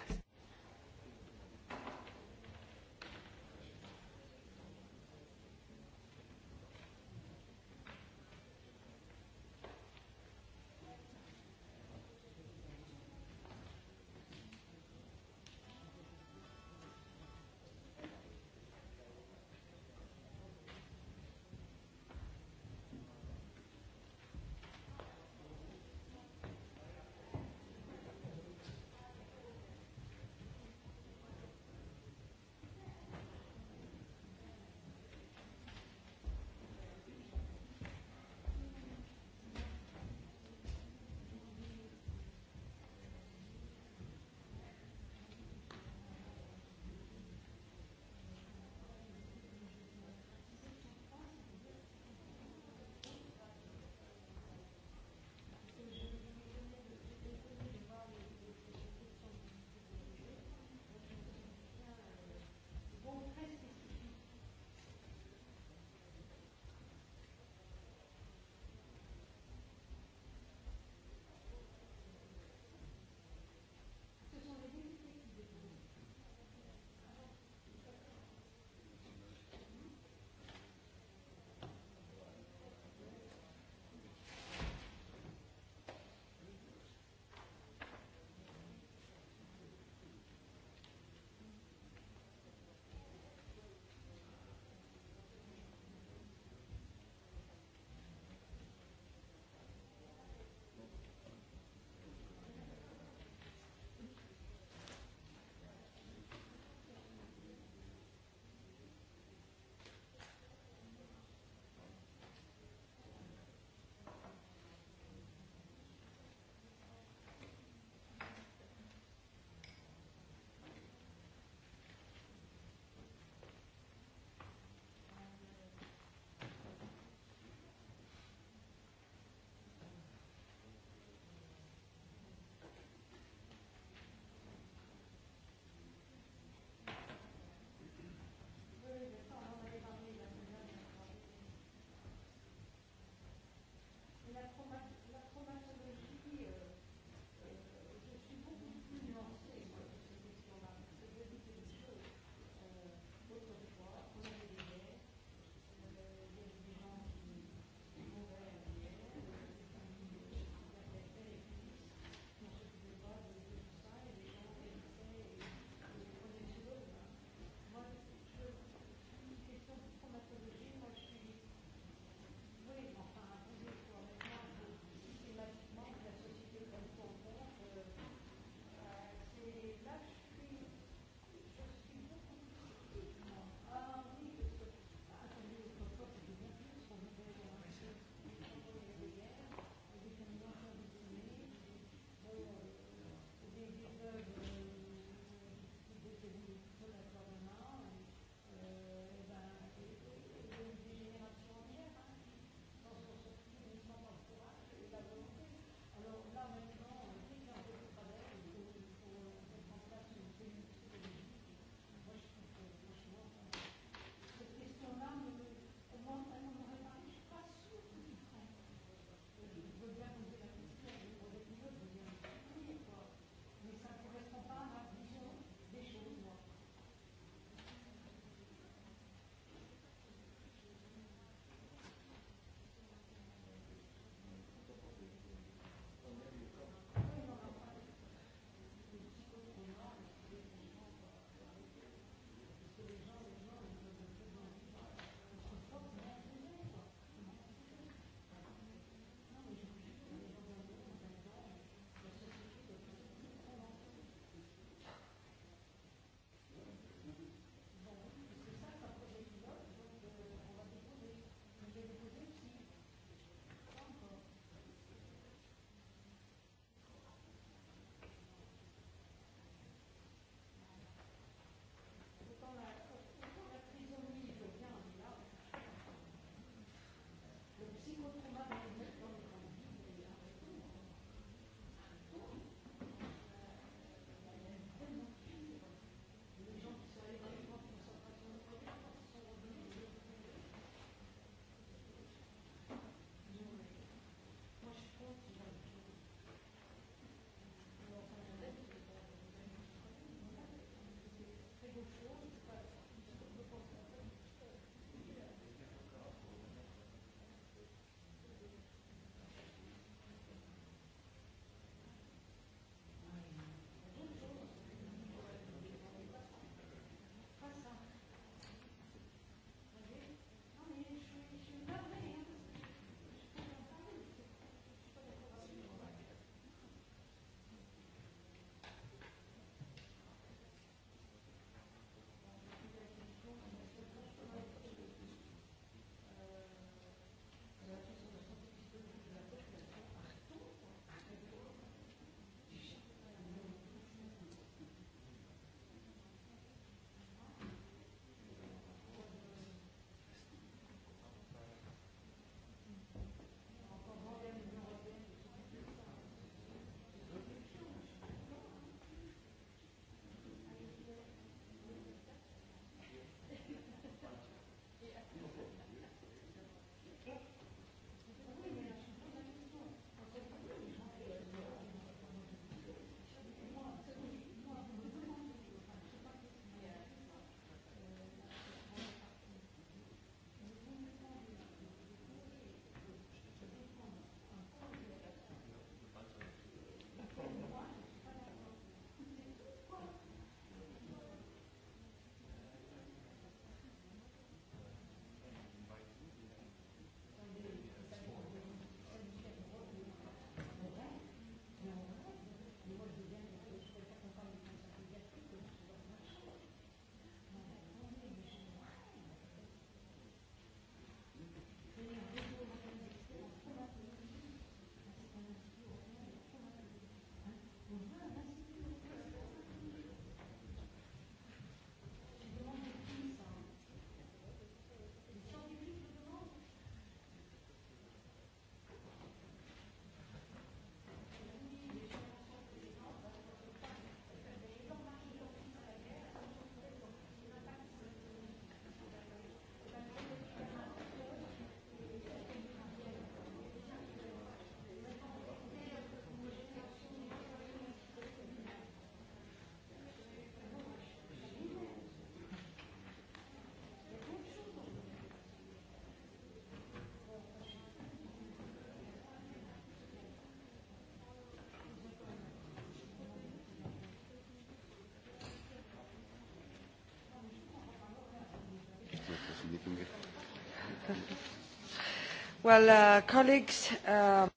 Well, uh, colleagues, uh...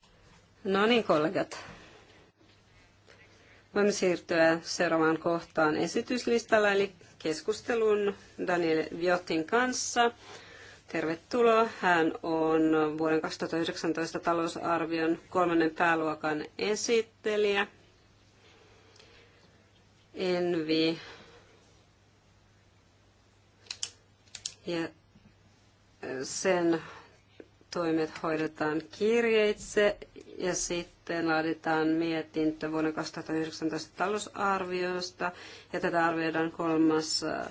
No niin, kollegat. Voimme siirtyä seuraavaan kohtaan esityslistalla, eli keskustelun Daniel Viotin kanssa. Tervetuloa. Hän on vuoden 2019 talousarvion kolmannen pääluokan esittelijä. Envi. Ja sen toimet hoidetaan kirjeitse ja sitten laaditaan mietintö vuoden 2019 talousarviosta ja tätä arvioidaan kolmas äh,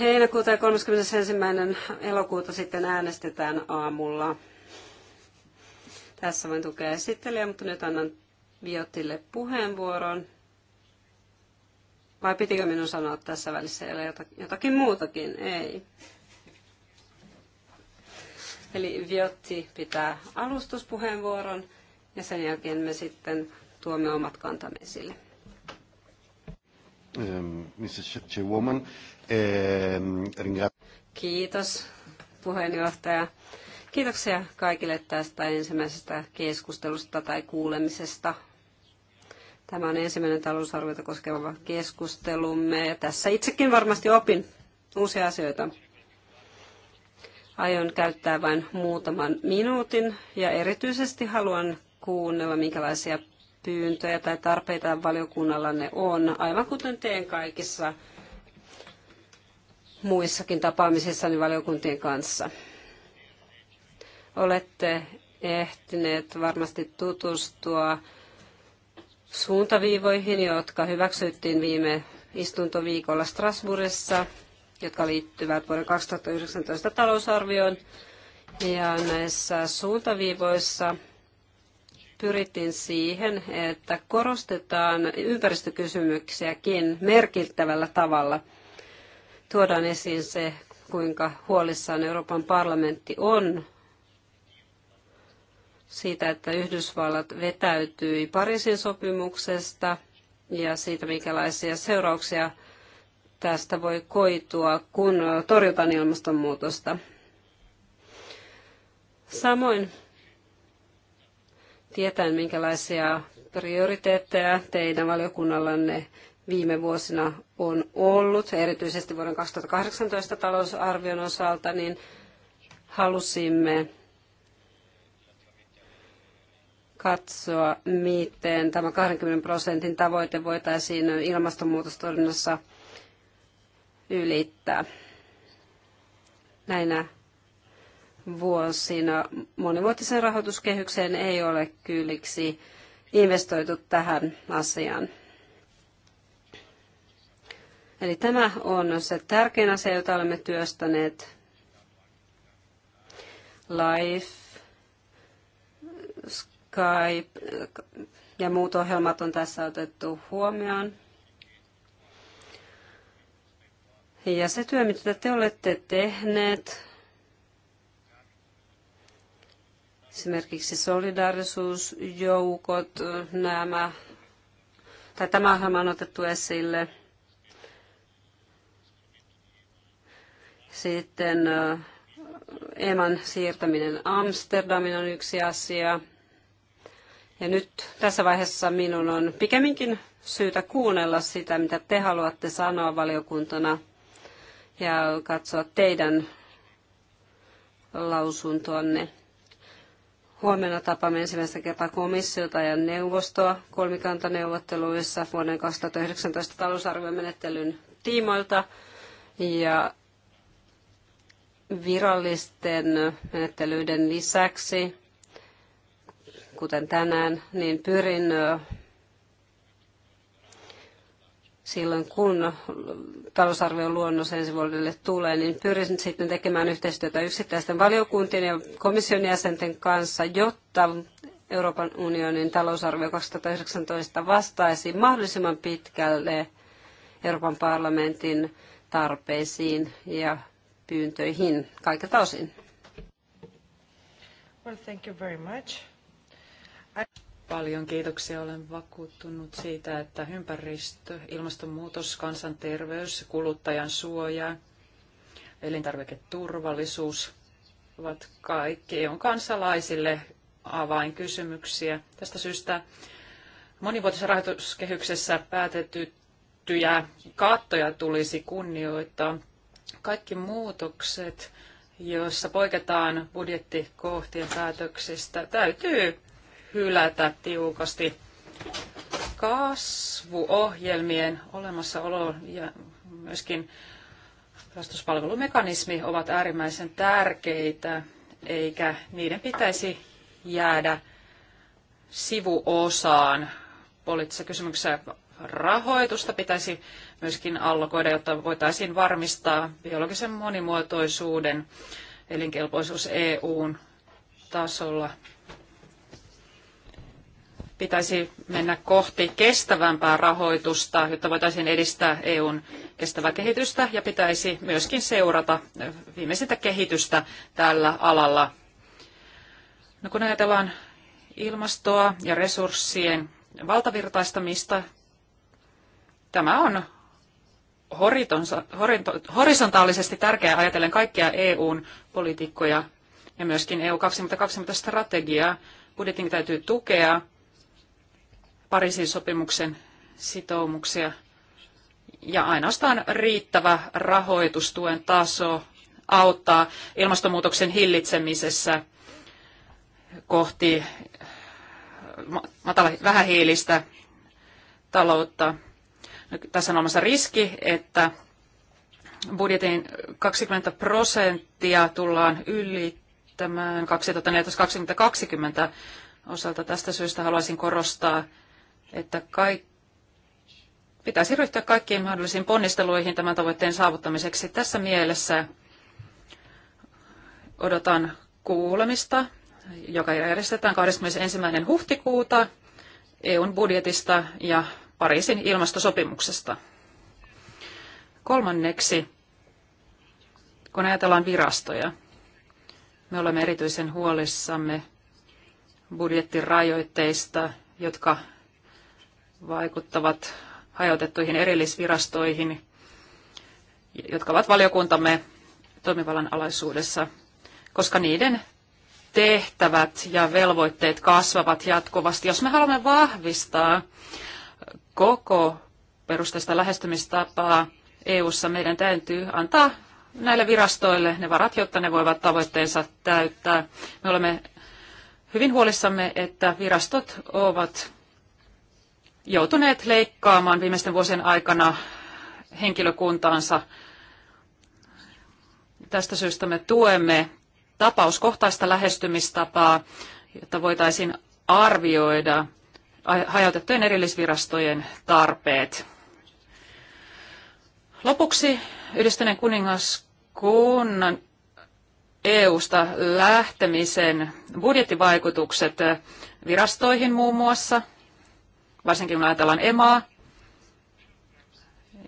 heinäkuuta ja 31. elokuuta sitten äänestetään aamulla. Tässä voin tukea esittelijä, mutta nyt annan Viotille puheenvuoron. Vai pitikö minun sanoa tässä välissä jotakin muutakin? Ei. Eli Viotti pitää alustuspuheenvuoron ja sen jälkeen me sitten tuomme omat kantamme esille. Mrs. Chairwoman, Kiitos puheenjohtaja. Kiitoksia kaikille tästä ensimmäisestä keskustelusta tai kuulemisesta. Tämä on ensimmäinen talousarviota koskeva keskustelumme ja tässä itsekin varmasti opin uusia asioita. Aion käyttää vain muutaman minuutin ja erityisesti haluan kuunnella, minkälaisia pyyntöjä tai tarpeita valiokunnallanne on, aivan kuten teen kaikissa muissakin tapaamisissani valiokuntien kanssa. Olette ehtineet varmasti tutustua suuntaviivoihin, jotka hyväksyttiin viime istuntoviikolla Strasbourgissa, jotka liittyvät vuoden 2019 talousarvioon. Ja näissä suuntaviivoissa pyrittiin siihen, että korostetaan ympäristökysymyksiäkin merkittävällä tavalla. Tuodaan esiin se, kuinka huolissaan Euroopan parlamentti on siitä, että Yhdysvallat vetäytyi Pariisin sopimuksesta ja siitä, minkälaisia seurauksia tästä voi koitua, kun torjutaan ilmastonmuutosta. Samoin tietäen, minkälaisia prioriteetteja teidän valiokunnallanne viime vuosina on ollut, erityisesti vuoden 2018 talousarvion osalta, niin halusimme katsoa, miten tämä 20 prosentin tavoite voitaisiin ilmastonmuutostorjunnassa ylittää. Näinä vuosina monivuotisen rahoituskehykseen ei ole kylliksi investoitu tähän asiaan. Eli tämä on se tärkein asia, jota olemme työstäneet. Life Skype ja muut ohjelmat on tässä otettu huomioon. Ja se työ, mitä te olette tehneet, esimerkiksi solidaarisuusjoukot, nämä, tai tämä ohjelma on otettu esille. Sitten Eman siirtäminen Amsterdamin on yksi asia. Ja nyt tässä vaiheessa minun on pikemminkin syytä kuunnella sitä, mitä te haluatte sanoa valiokuntana ja katsoa teidän lausuntoanne. Huomenna tapaamme ensimmäistä kertaa komissiota ja neuvostoa kolmikantaneuvotteluissa vuoden 2019 talousarviomenettelyn tiimoilta ja virallisten menettelyiden lisäksi kuten tänään, niin pyrin silloin kun talousarvion luonnos ensi vuodelle tulee, niin pyrin sitten tekemään yhteistyötä yksittäisten valiokuntien ja komission jäsenten kanssa, jotta Euroopan unionin talousarvio 2019 vastaisi mahdollisimman pitkälle Euroopan parlamentin tarpeisiin ja pyyntöihin kaikilta osin. Well, thank you very much. Paljon kiitoksia. Olen vakuuttunut siitä, että ympäristö, ilmastonmuutos, kansanterveys, kuluttajan suoja, elintarviketurvallisuus ovat kaikki on e kansalaisille avainkysymyksiä. Tästä syystä monivuotisessa rahoituskehyksessä päätettyjä kattoja tulisi kunnioittaa. Kaikki muutokset, joissa poiketaan budjettikohtien päätöksistä, täytyy hylätä tiukasti. Kasvuohjelmien olemassaolo ja myöskin pelastuspalvelumekanismi ovat äärimmäisen tärkeitä, eikä niiden pitäisi jäädä sivuosaan. Poliittisessa kysymyksessä rahoitusta pitäisi myöskin allokoida, jotta voitaisiin varmistaa biologisen monimuotoisuuden elinkelpoisuus EUn tasolla pitäisi mennä kohti kestävämpää rahoitusta, jotta voitaisiin edistää EUn kestävää kehitystä ja pitäisi myöskin seurata viimeisintä kehitystä tällä alalla. No kun ajatellaan ilmastoa ja resurssien valtavirtaistamista, tämä on horisontaalisesti tärkeää ajatellen kaikkia EUn politiikkoja ja myöskin EU 2020 strategiaa. Budjetin täytyy tukea Pariisin sopimuksen sitoumuksia. Ja ainoastaan riittävä rahoitustuen taso auttaa ilmastonmuutoksen hillitsemisessä kohti matala, vähähiilistä taloutta. Tässä on olemassa riski, että budjetin 20 prosenttia tullaan ylittämään 2014-2020 osalta. Tästä syystä haluaisin korostaa että kaikki pitäisi ryhtyä kaikkiin mahdollisiin ponnisteluihin tämän tavoitteen saavuttamiseksi. Tässä mielessä odotan kuulemista, joka järjestetään 21. huhtikuuta EUn budjetista ja Pariisin ilmastosopimuksesta. Kolmanneksi, kun ajatellaan virastoja, me olemme erityisen huolissamme budjettirajoitteista, jotka vaikuttavat hajautettuihin erillisvirastoihin, jotka ovat valiokuntamme toimivallan alaisuudessa, koska niiden tehtävät ja velvoitteet kasvavat jatkuvasti. Jos me haluamme vahvistaa koko perusteista lähestymistapaa EU:ssa, meidän täytyy antaa näille virastoille ne varat, jotta ne voivat tavoitteensa täyttää. Me olemme hyvin huolissamme, että virastot ovat joutuneet leikkaamaan viimeisten vuosien aikana henkilökuntaansa. Tästä syystä me tuemme tapauskohtaista lähestymistapaa, jotta voitaisiin arvioida hajautettujen erillisvirastojen tarpeet. Lopuksi yhdistyneen kuningaskunnan EU-sta lähtemisen budjettivaikutukset virastoihin muun muassa – varsinkin kun ajatellaan emaa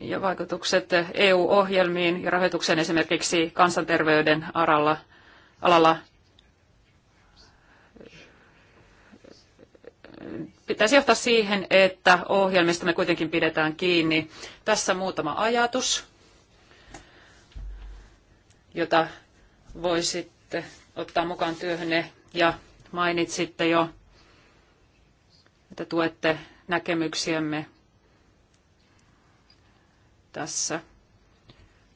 ja vaikutukset EU-ohjelmiin ja rahoitukseen esimerkiksi kansanterveyden aralla, alalla. Pitäisi johtaa siihen, että ohjelmista me kuitenkin pidetään kiinni. Tässä muutama ajatus, jota voisitte ottaa mukaan työhönne ja mainitsitte jo, että tuette näkemyksiämme tässä.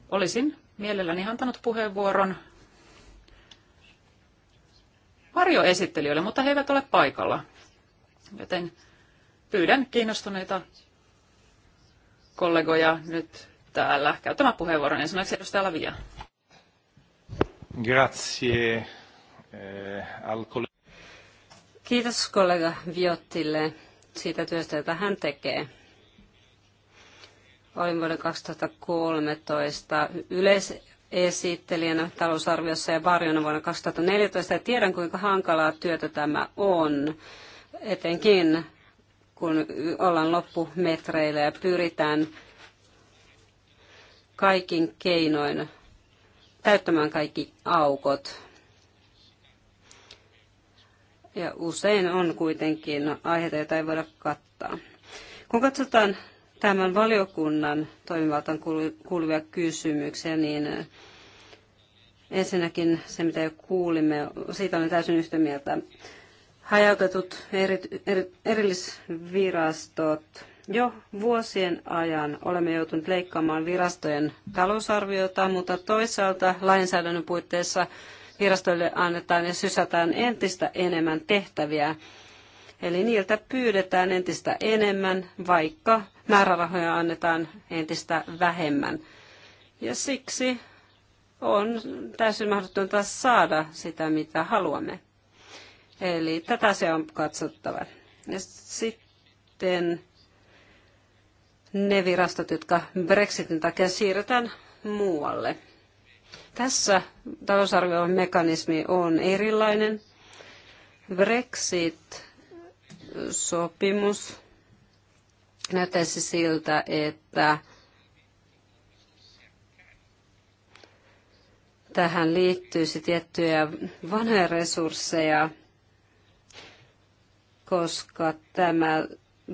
Olisin mielelläni antanut puheenvuoron varjoesittelijöille, mutta he eivät ole paikalla. Joten pyydän kiinnostuneita kollegoja nyt täällä käyttämään puheenvuoron. Ensimmäiseksi edustaja Lavia. Grazie. Eh, Kiitos kollega Viottille siitä työstä, jota hän tekee. Olin vuoden 2013 yleisesittelijänä talousarviossa ja varjona vuonna 2014 ja tiedän, kuinka hankalaa työtä tämä on, etenkin kun ollaan loppumetreillä ja pyritään kaikin keinoin täyttämään kaikki aukot ja usein on kuitenkin aiheita, joita ei voida kattaa. Kun katsotaan tämän valiokunnan toimivaltaan kuuluvia kysymyksiä, niin ensinnäkin se, mitä jo kuulimme, siitä olen täysin yhtä mieltä. Hajautetut eri, eri, erillisvirastot. Jo vuosien ajan olemme joutuneet leikkaamaan virastojen talousarviota, mutta toisaalta lainsäädännön puitteissa virastoille annetaan ja sysätään entistä enemmän tehtäviä. Eli niiltä pyydetään entistä enemmän, vaikka määrärahoja annetaan entistä vähemmän. Ja siksi on täysin mahdotonta saada sitä, mitä haluamme. Eli tätä se on katsottava. Ja sitten ne virastot, jotka Brexitin takia siirretään muualle. Tässä talousarvion mekanismi on erilainen. Brexit-sopimus näyttäisi siltä, että tähän liittyisi tiettyjä vanhoja resursseja, koska tämä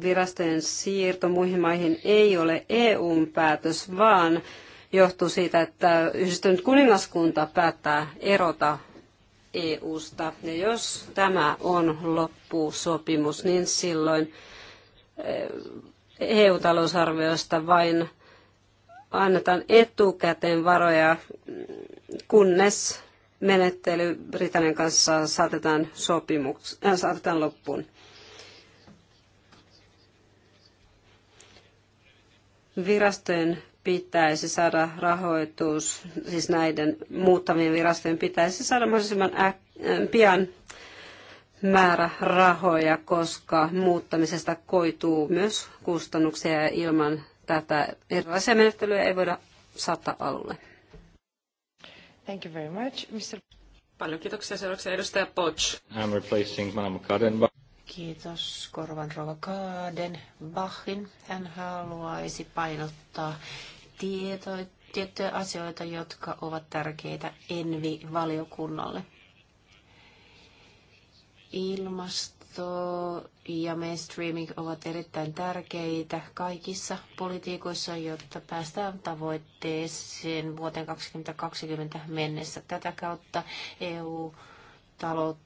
virastojen siirto muihin maihin ei ole EUn päätös, vaan johtuu siitä, että yhdistynyt kuningaskunta päättää erota EUsta. Ja jos tämä on loppusopimus, niin silloin EU-talousarviosta eh, e vain annetaan etukäteen varoja, kunnes menettely Britannian kanssa saatetaan, sopimuks- äh, saatetaan loppuun. Virastojen pitäisi saada rahoitus, siis näiden muuttavien virastojen pitäisi saada mahdollisimman äk, äh, pian määrä rahoja, koska muuttamisesta koituu myös kustannuksia ja ilman tätä erilaisia menettelyjä ei voida saattaa alulle. Thank you very much, Mr. Paljon kiitoksia. Seuraavaksi edustaja Poch. I'm replacing Mama Kadenbach. Kiitos Korvan Rova Kaaden Bachin. Hän haluaisi painottaa tieto, tiettyjä asioita, jotka ovat tärkeitä Envi-valiokunnalle. Ilmasto ja mainstreaming ovat erittäin tärkeitä kaikissa politiikoissa, jotta päästään tavoitteeseen vuoteen 2020 mennessä. Tätä kautta eu talot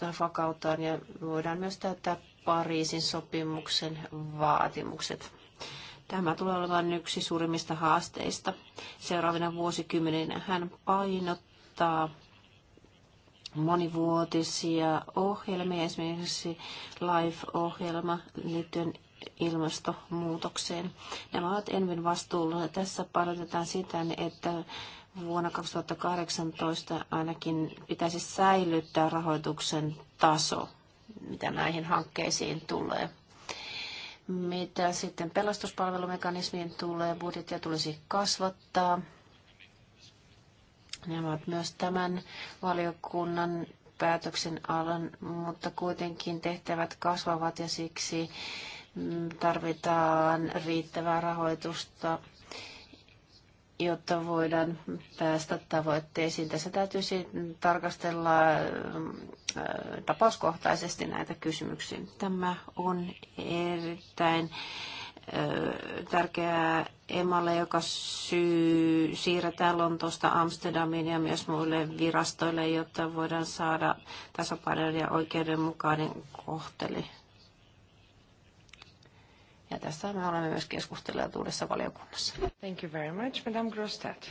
taloutta vakautaan ja voidaan myös täyttää Pariisin sopimuksen vaatimukset. Tämä tulee olemaan yksi suurimmista haasteista. Seuraavina vuosikymmeninä hän painottaa monivuotisia ohjelmia, esimerkiksi LIFE-ohjelma liittyen ilmastonmuutokseen. Nämä ovat Envin vastuulla. Tässä painotetaan sitä, että vuonna 2018 ainakin pitäisi säilyttää rahoituksen taso, mitä näihin hankkeisiin tulee. Mitä sitten pelastuspalvelumekanismiin tulee, budjettia tulisi kasvattaa. Nämä ovat myös tämän valiokunnan päätöksen alan, mutta kuitenkin tehtävät kasvavat ja siksi tarvitaan riittävää rahoitusta jotta voidaan päästä tavoitteisiin. Tässä täytyisi tarkastella äh, tapauskohtaisesti näitä kysymyksiä. Tämä on erittäin äh, tärkeää emalle, joka syy, siirretään Lontoosta Amsterdamiin ja myös muille virastoille, jotta voidaan saada tasapainoinen ja oikeudenmukainen kohteli ja tästä me olemme myös keskustelleet uudessa valiokunnassa. Thank you very much, Madame Grostat.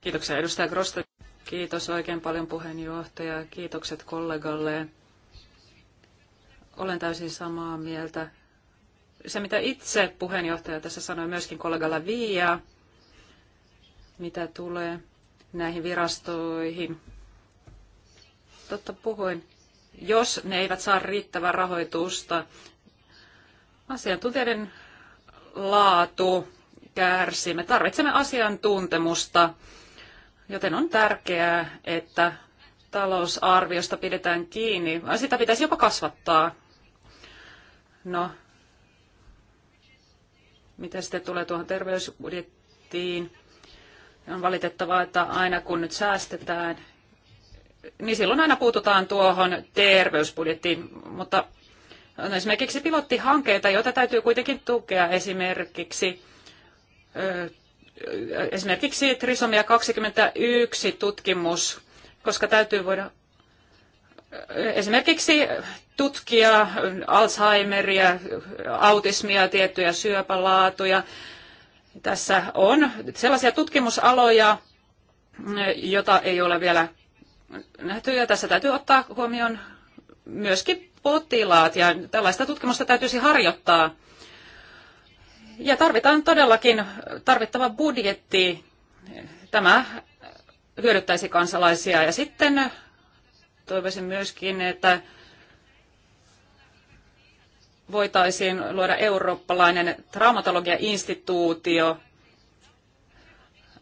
Kiitoksia edustaja Grostat. Kiitos oikein paljon puheenjohtaja. Kiitokset kollegalle. Olen täysin samaa mieltä. Se, mitä itse puheenjohtaja tässä sanoi myöskin kollegalla Viia, mitä tulee näihin virastoihin. Totta puhuin, jos ne eivät saa riittävää rahoitusta, asiantuntijoiden laatu kärsii. Me tarvitsemme asiantuntemusta, joten on tärkeää, että talousarviosta pidetään kiinni. Sitä pitäisi jopa kasvattaa. No, mitä sitten tulee tuohon terveysbudjettiin? On valitettavaa, että aina kun nyt säästetään, niin silloin aina puututaan tuohon terveysbudjettiin, mutta on no, esimerkiksi pilottihankkeita, joita täytyy kuitenkin tukea esimerkiksi esimerkiksi Trisomia 21 tutkimus, koska täytyy voida esimerkiksi tutkia Alzheimeria, autismia, tiettyjä syöpälaatuja. Tässä on sellaisia tutkimusaloja, joita ei ole vielä nähty, ja tässä täytyy ottaa huomioon myöskin potilaat ja tällaista tutkimusta täytyisi harjoittaa. Ja tarvitaan todellakin tarvittava budjetti. Tämä hyödyttäisi kansalaisia. Ja sitten toivoisin myöskin, että voitaisiin luoda eurooppalainen traumatologia-instituutio.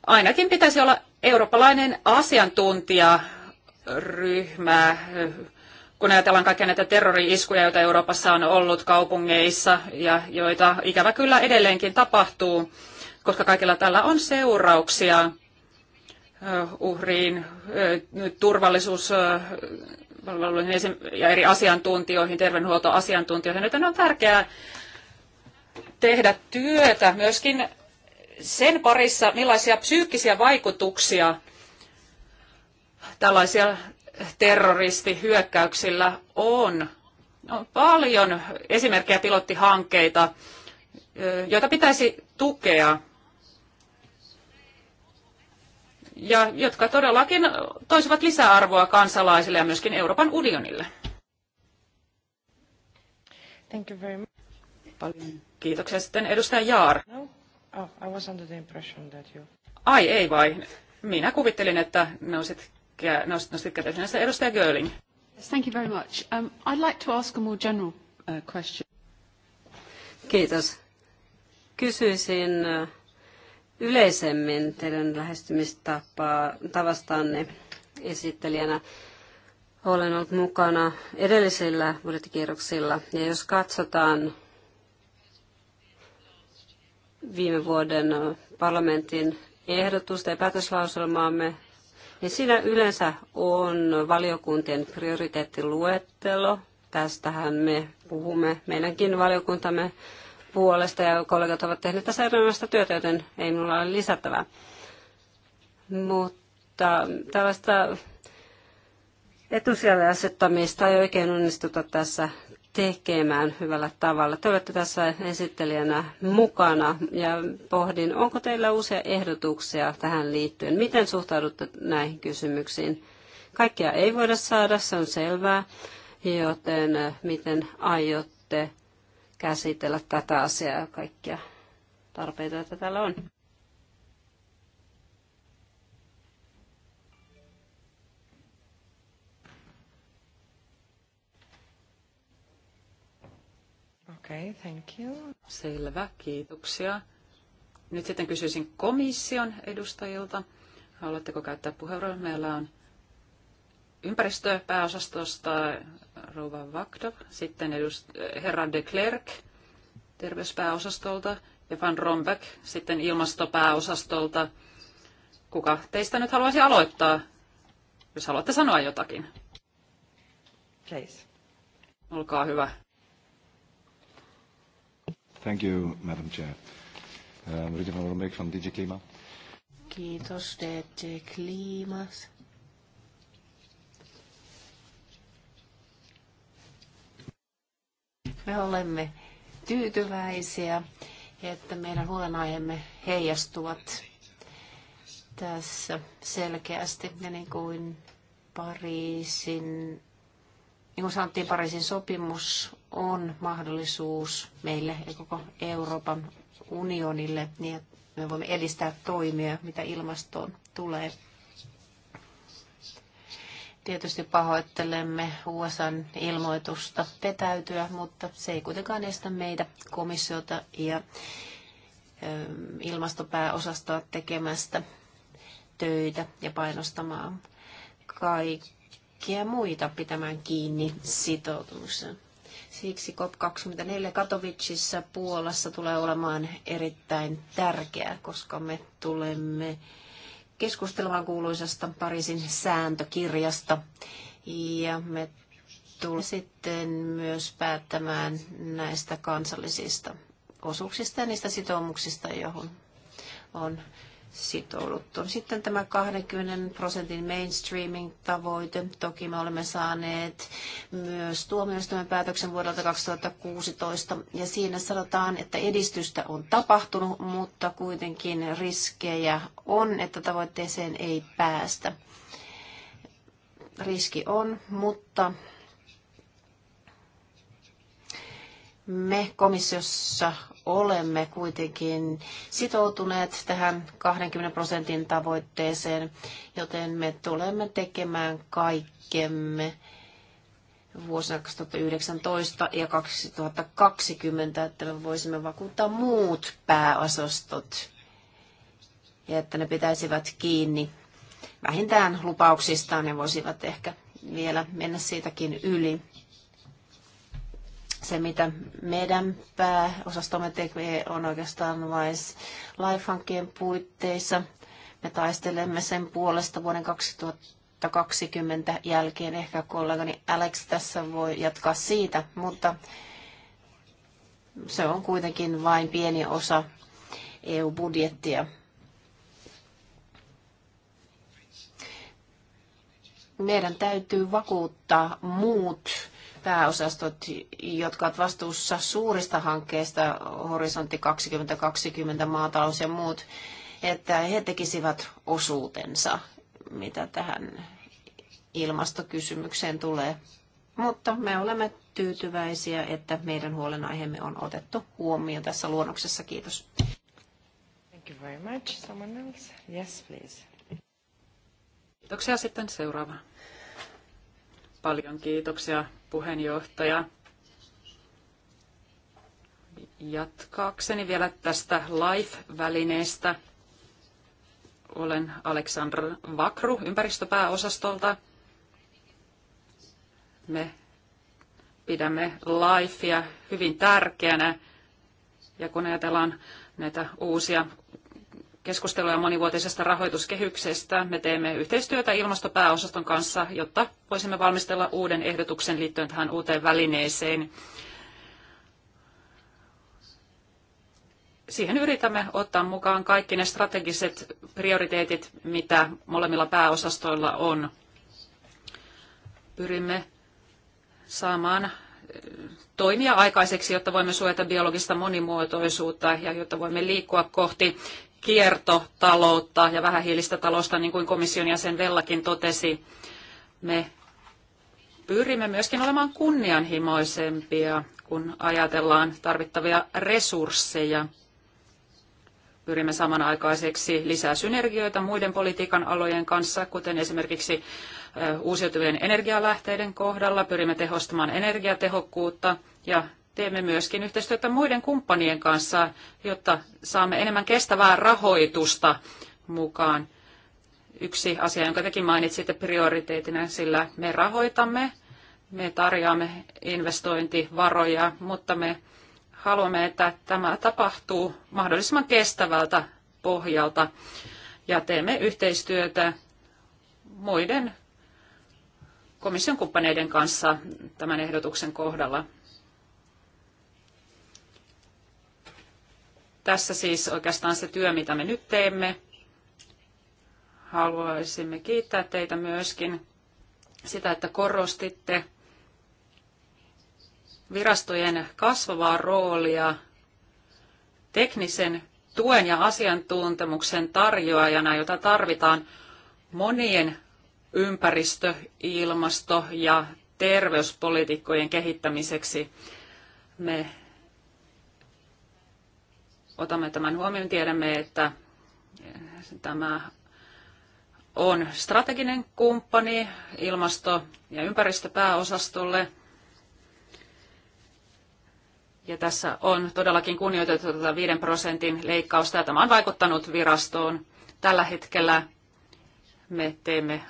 Ainakin pitäisi olla eurooppalainen asiantuntijaryhmä, kun ajatellaan kaikkia näitä terrori-iskuja, joita Euroopassa on ollut kaupungeissa ja joita ikävä kyllä edelleenkin tapahtuu, koska kaikilla tällä on seurauksia uhriin, turvallisuus ja eri asiantuntijoihin, terveydenhuoltoasiantuntijoihin, joten on tärkeää tehdä työtä myöskin sen parissa, millaisia psyykkisiä vaikutuksia tällaisia terroristihyökkäyksillä on. on no, paljon esimerkkejä pilottihankkeita, joita pitäisi tukea ja jotka todellakin toisivat lisäarvoa kansalaisille ja myöskin Euroopan unionille. Thank you very much. Paljon kiitoksia sitten edustaja Jaar. No? Oh, I was under the impression that you... Ai ei vai. Minä kuvittelin, että ne nousit käsiä, nostit Edustaja Görling. Thank you very much. Um, I'd like to ask a more general uh, question. Kiitos. Kysyisin uh, yleisemmin teidän lähestymistapaa tavastanne esittelijänä. Olen ollut mukana edellisillä budjettikierroksilla ja jos katsotaan viime vuoden uh, parlamentin ehdotusta ja päätöslauselmaamme ja niin siinä yleensä on valiokuntien prioriteettiluettelo. Tästähän me puhumme meidänkin valiokuntamme puolesta ja kollegat ovat tehneet tässä erinomaista työtä, joten ei minulla ole lisättävää. Mutta tällaista etusijalle asettamista ei oikein onnistuta tässä tekemään hyvällä tavalla. Te olette tässä esittelijänä mukana ja pohdin, onko teillä uusia ehdotuksia tähän liittyen? Miten suhtaudutte näihin kysymyksiin? Kaikkia ei voida saada, se on selvää, joten eh, miten aiotte käsitellä tätä asiaa ja kaikkia tarpeita, joita täällä on? Okay, thank you. Selvä, kiitoksia. Nyt sitten kysyisin komission edustajilta. Haluatteko käyttää puheenvuoron? Meillä on ympäristöpääosastosta Rouva Vakdo, sitten edust- herra de Klerk terveyspääosastolta ja Van Rombeck sitten ilmastopääosastolta. Kuka teistä nyt haluaisi aloittaa, jos haluatte sanoa jotakin? Please. Olkaa hyvä. Thank you, Madam Chair. Uh, van Rombeek DG Klima. Kiitos DG Klimas. Me olemme tyytyväisiä, että meidän huolenaiheemme heijastuvat tässä selkeästi. niin kuin Pariisin niin kuin sanottiin, Pariisin sopimus on mahdollisuus meille ja koko Euroopan unionille, niin että me voimme edistää toimia, mitä ilmastoon tulee. Tietysti pahoittelemme USAn ilmoitusta vetäytyä, mutta se ei kuitenkaan estä meitä komissiota ja ähm, ilmastopääosastoa tekemästä töitä ja painostamaan kaikki kaikkia muita pitämään kiinni sitoutumuksen. Siksi COP24 Katowicissa Puolassa tulee olemaan erittäin tärkeää, koska me tulemme keskustelemaan kuuluisasta Pariisin sääntökirjasta ja me tulemme sitten myös päättämään näistä kansallisista osuuksista ja niistä sitoumuksista, johon on sitouduttu. Sitten tämä 20 prosentin mainstreaming-tavoite. Toki me olemme saaneet myös tuomioistuimen päätöksen vuodelta 2016, ja siinä sanotaan, että edistystä on tapahtunut, mutta kuitenkin riskejä on, että tavoitteeseen ei päästä. Riski on, mutta Me komissiossa olemme kuitenkin sitoutuneet tähän 20 prosentin tavoitteeseen, joten me tulemme tekemään kaikkemme vuosina 2019 ja 2020, että me voisimme vakuuttaa muut pääosastot ja että ne pitäisivät kiinni vähintään lupauksistaan ja voisivat ehkä vielä mennä siitäkin yli. Se, mitä meidän pääosastomme tekee, on oikeastaan vain LIFE-hankkeen puitteissa. Me taistelemme sen puolesta vuoden 2020 jälkeen. Ehkä kollegani Alex tässä voi jatkaa siitä, mutta se on kuitenkin vain pieni osa EU-budjettia. Meidän täytyy vakuuttaa muut pääosastot, jotka ovat vastuussa suurista hankkeista, Horisontti 2020, maatalous ja muut, että he tekisivät osuutensa, mitä tähän ilmastokysymykseen tulee. Mutta me olemme tyytyväisiä, että meidän huolenaiheemme on otettu huomioon tässä luonnoksessa. Kiitos. Thank you very much. Someone else? Yes, please. Kiitoksia sitten seuraava. Paljon kiitoksia puheenjohtaja. Jatkaakseni vielä tästä LIFE-välineestä. Olen Aleksandr Vakru ympäristöpääosastolta. Me pidämme LIFEä hyvin tärkeänä. Ja kun ajatellaan näitä uusia keskusteluja monivuotisesta rahoituskehyksestä. Me teemme yhteistyötä ilmastopääosaston kanssa, jotta voisimme valmistella uuden ehdotuksen liittyen tähän uuteen välineeseen. Siihen yritämme ottaa mukaan kaikki ne strategiset prioriteetit, mitä molemmilla pääosastoilla on. Pyrimme saamaan eh, toimia aikaiseksi, jotta voimme suojata biologista monimuotoisuutta ja jotta voimme liikkua kohti kiertotaloutta ja vähähiilistä talousta, niin kuin komission jäsen Vellakin totesi. Me pyrimme myöskin olemaan kunnianhimoisempia, kun ajatellaan tarvittavia resursseja. Pyrimme samanaikaiseksi lisää synergioita muiden politiikan alojen kanssa, kuten esimerkiksi uusiutuvien energialähteiden kohdalla. Pyrimme tehostamaan energiatehokkuutta ja teemme myöskin yhteistyötä muiden kumppanien kanssa, jotta saamme enemmän kestävää rahoitusta mukaan. Yksi asia, jonka tekin mainitsitte prioriteetina, sillä me rahoitamme, me tarjoamme investointivaroja, mutta me haluamme, että tämä tapahtuu mahdollisimman kestävältä pohjalta ja teemme yhteistyötä muiden komission kumppaneiden kanssa tämän ehdotuksen kohdalla. Tässä siis oikeastaan se työ, mitä me nyt teemme. Haluaisimme kiittää teitä myöskin sitä, että korostitte virastojen kasvavaa roolia teknisen tuen ja asiantuntemuksen tarjoajana, jota tarvitaan monien ympäristö-, ilmasto- ja terveyspolitiikkojen kehittämiseksi. Me otamme tämän huomioon. Tiedämme, että tämä on strateginen kumppani ilmasto- ja ympäristöpääosastolle. Ja tässä on todellakin kunnioitettu tätä 5 prosentin leikkausta ja tämä on vaikuttanut virastoon. Tällä hetkellä me teemme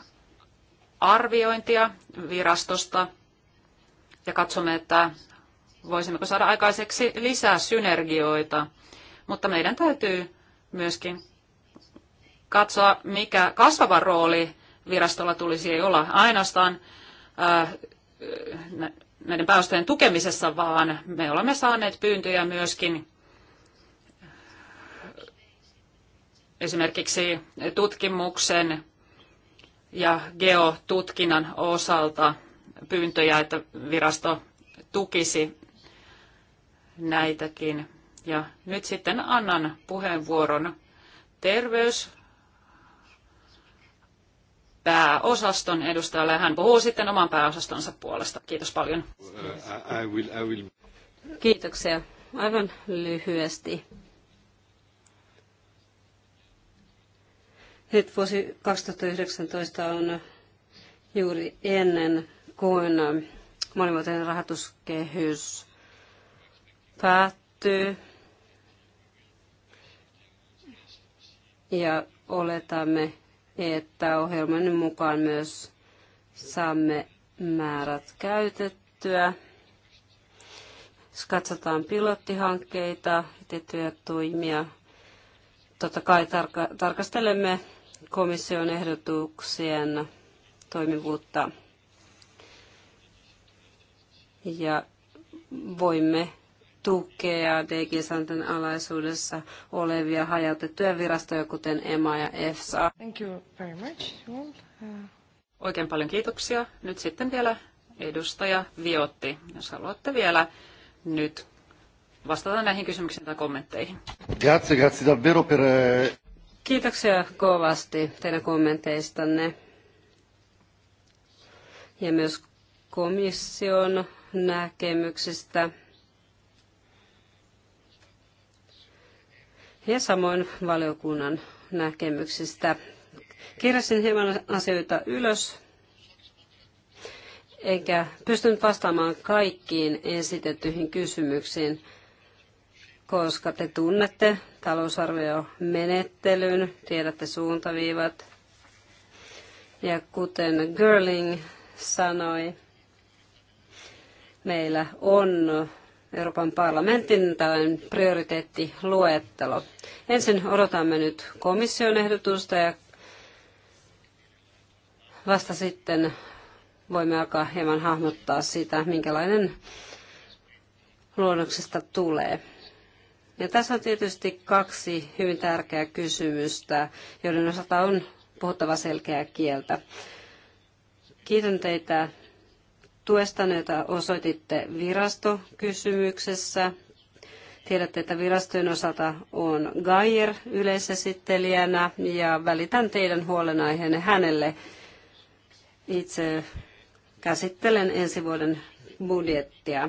arviointia virastosta ja katsomme, että voisimmeko saada aikaiseksi lisää synergioita – mutta meidän täytyy myöskin katsoa, mikä kasvava rooli virastolla tulisi olla ainoastaan äh, näiden päästöjen tukemisessa, vaan me olemme saaneet pyyntöjä myöskin esimerkiksi tutkimuksen ja geotutkinnan osalta pyyntöjä, että virasto tukisi näitäkin. Ja nyt sitten annan puheenvuoron terveys pääosaston edustajalle. Hän puhuu sitten oman pääosastonsa puolesta. Kiitos paljon. Uh, Kiitoksia. Aivan lyhyesti. Nyt vuosi 2019 on juuri ennen kuin monivuotinen rahoituskehys päättyy. ja oletamme, että ohjelman mukaan myös saamme määrät käytettyä. katsotaan pilottihankkeita, tiettyjä toimia, totta kai tarka- tarkastelemme komission ehdotuksien toimivuutta ja voimme tukea DG Santen alaisuudessa olevia hajautettuja virastoja, kuten EMA ja EFSA. Thank you very much. Uh, Oikein paljon kiitoksia. Nyt sitten vielä edustaja Viotti, jos haluatte vielä nyt vastata näihin kysymyksiin tai kommentteihin. Grazie, grazie davvero per... Eh, kiitoksia kovasti teidän kommenteistanne ja myös komission näkemyksistä ja samoin valiokunnan näkemyksistä. Kirjasin hieman asioita ylös, eikä pystynyt vastaamaan kaikkiin esitettyihin kysymyksiin, koska te tunnette talousarviomenettelyn, tiedätte suuntaviivat. Ja kuten Girling sanoi, meillä on Euroopan parlamentin tällainen prioriteettiluettelo. Ensin odotamme nyt komission ehdotusta ja vasta sitten voimme alkaa hieman hahmottaa sitä, minkälainen luonnoksesta tulee. Ja tässä on tietysti kaksi hyvin tärkeää kysymystä, joiden osalta on puhuttava selkeää kieltä. Kiitän teitä tuesta, jota osoititte virastokysymyksessä. Tiedätte, että virastojen osalta on Gaier yleisesittelijänä ja välitän teidän huolenaiheenne hänelle. Itse käsittelen ensi vuoden budjettia.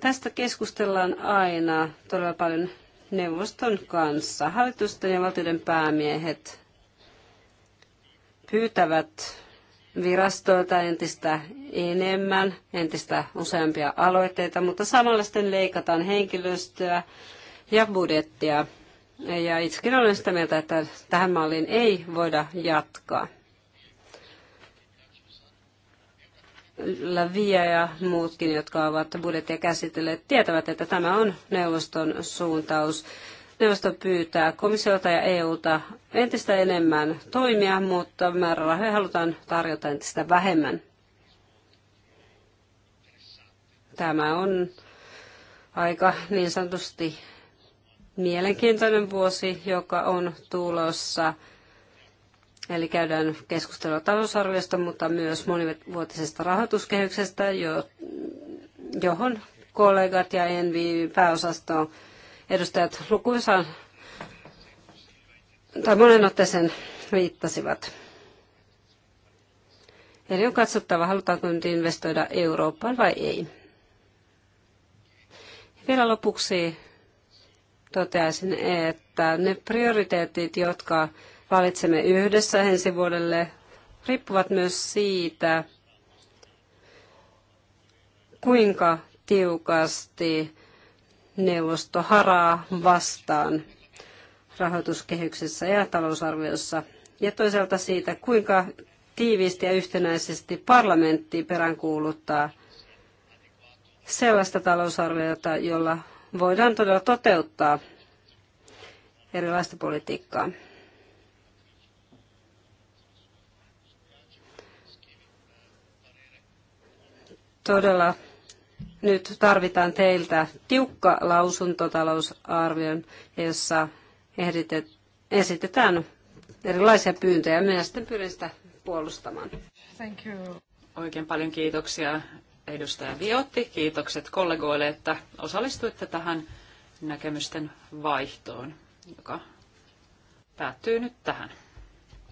Tästä keskustellaan aina todella paljon neuvoston kanssa. Hallitusten ja valtioiden päämiehet pyytävät virastoilta entistä enemmän, entistä useampia aloitteita, mutta samalla sitten leikataan henkilöstöä ja budjettia. Ja itsekin olen sitä mieltä, että tähän malliin ei voida jatkaa. Lavia ja muutkin, jotka ovat budjettia käsitelleet, tietävät, että tämä on neuvoston suuntaus. Neuvosto pyytää komissiota ja EUta entistä enemmän toimia, mutta määrärahoja halutaan tarjota entistä vähemmän. Tämä on aika niin sanotusti mielenkiintoinen vuosi, joka on tulossa. Eli käydään keskustelua talousarviosta, mutta myös monivuotisesta rahoituskehyksestä, johon kollegat ja Envi pääosasto edustajat lukuisaan tai monen otteeseen viittasivat. Eli on katsottava, halutaanko nyt investoida Eurooppaan vai ei. Ja vielä lopuksi toteaisin, että ne prioriteetit, jotka valitsemme yhdessä ensi vuodelle, riippuvat myös siitä, kuinka tiukasti neuvosto haraa vastaan rahoituskehyksessä ja talousarviossa, ja toisaalta siitä, kuinka tiiviisti ja yhtenäisesti parlamentti peräänkuuluttaa sellaista talousarviota, jolla voidaan todella toteuttaa erilaista politiikkaa. Todella nyt tarvitaan teiltä tiukka lausunto talousarvion, jossa esitetään erilaisia pyyntöjä. Minä sitten pyrin sitä puolustamaan. Thank you. Oikein paljon kiitoksia edustaja Viotti. Kiitokset kollegoille, että osallistuitte tähän näkemysten vaihtoon, joka päättyy nyt tähän.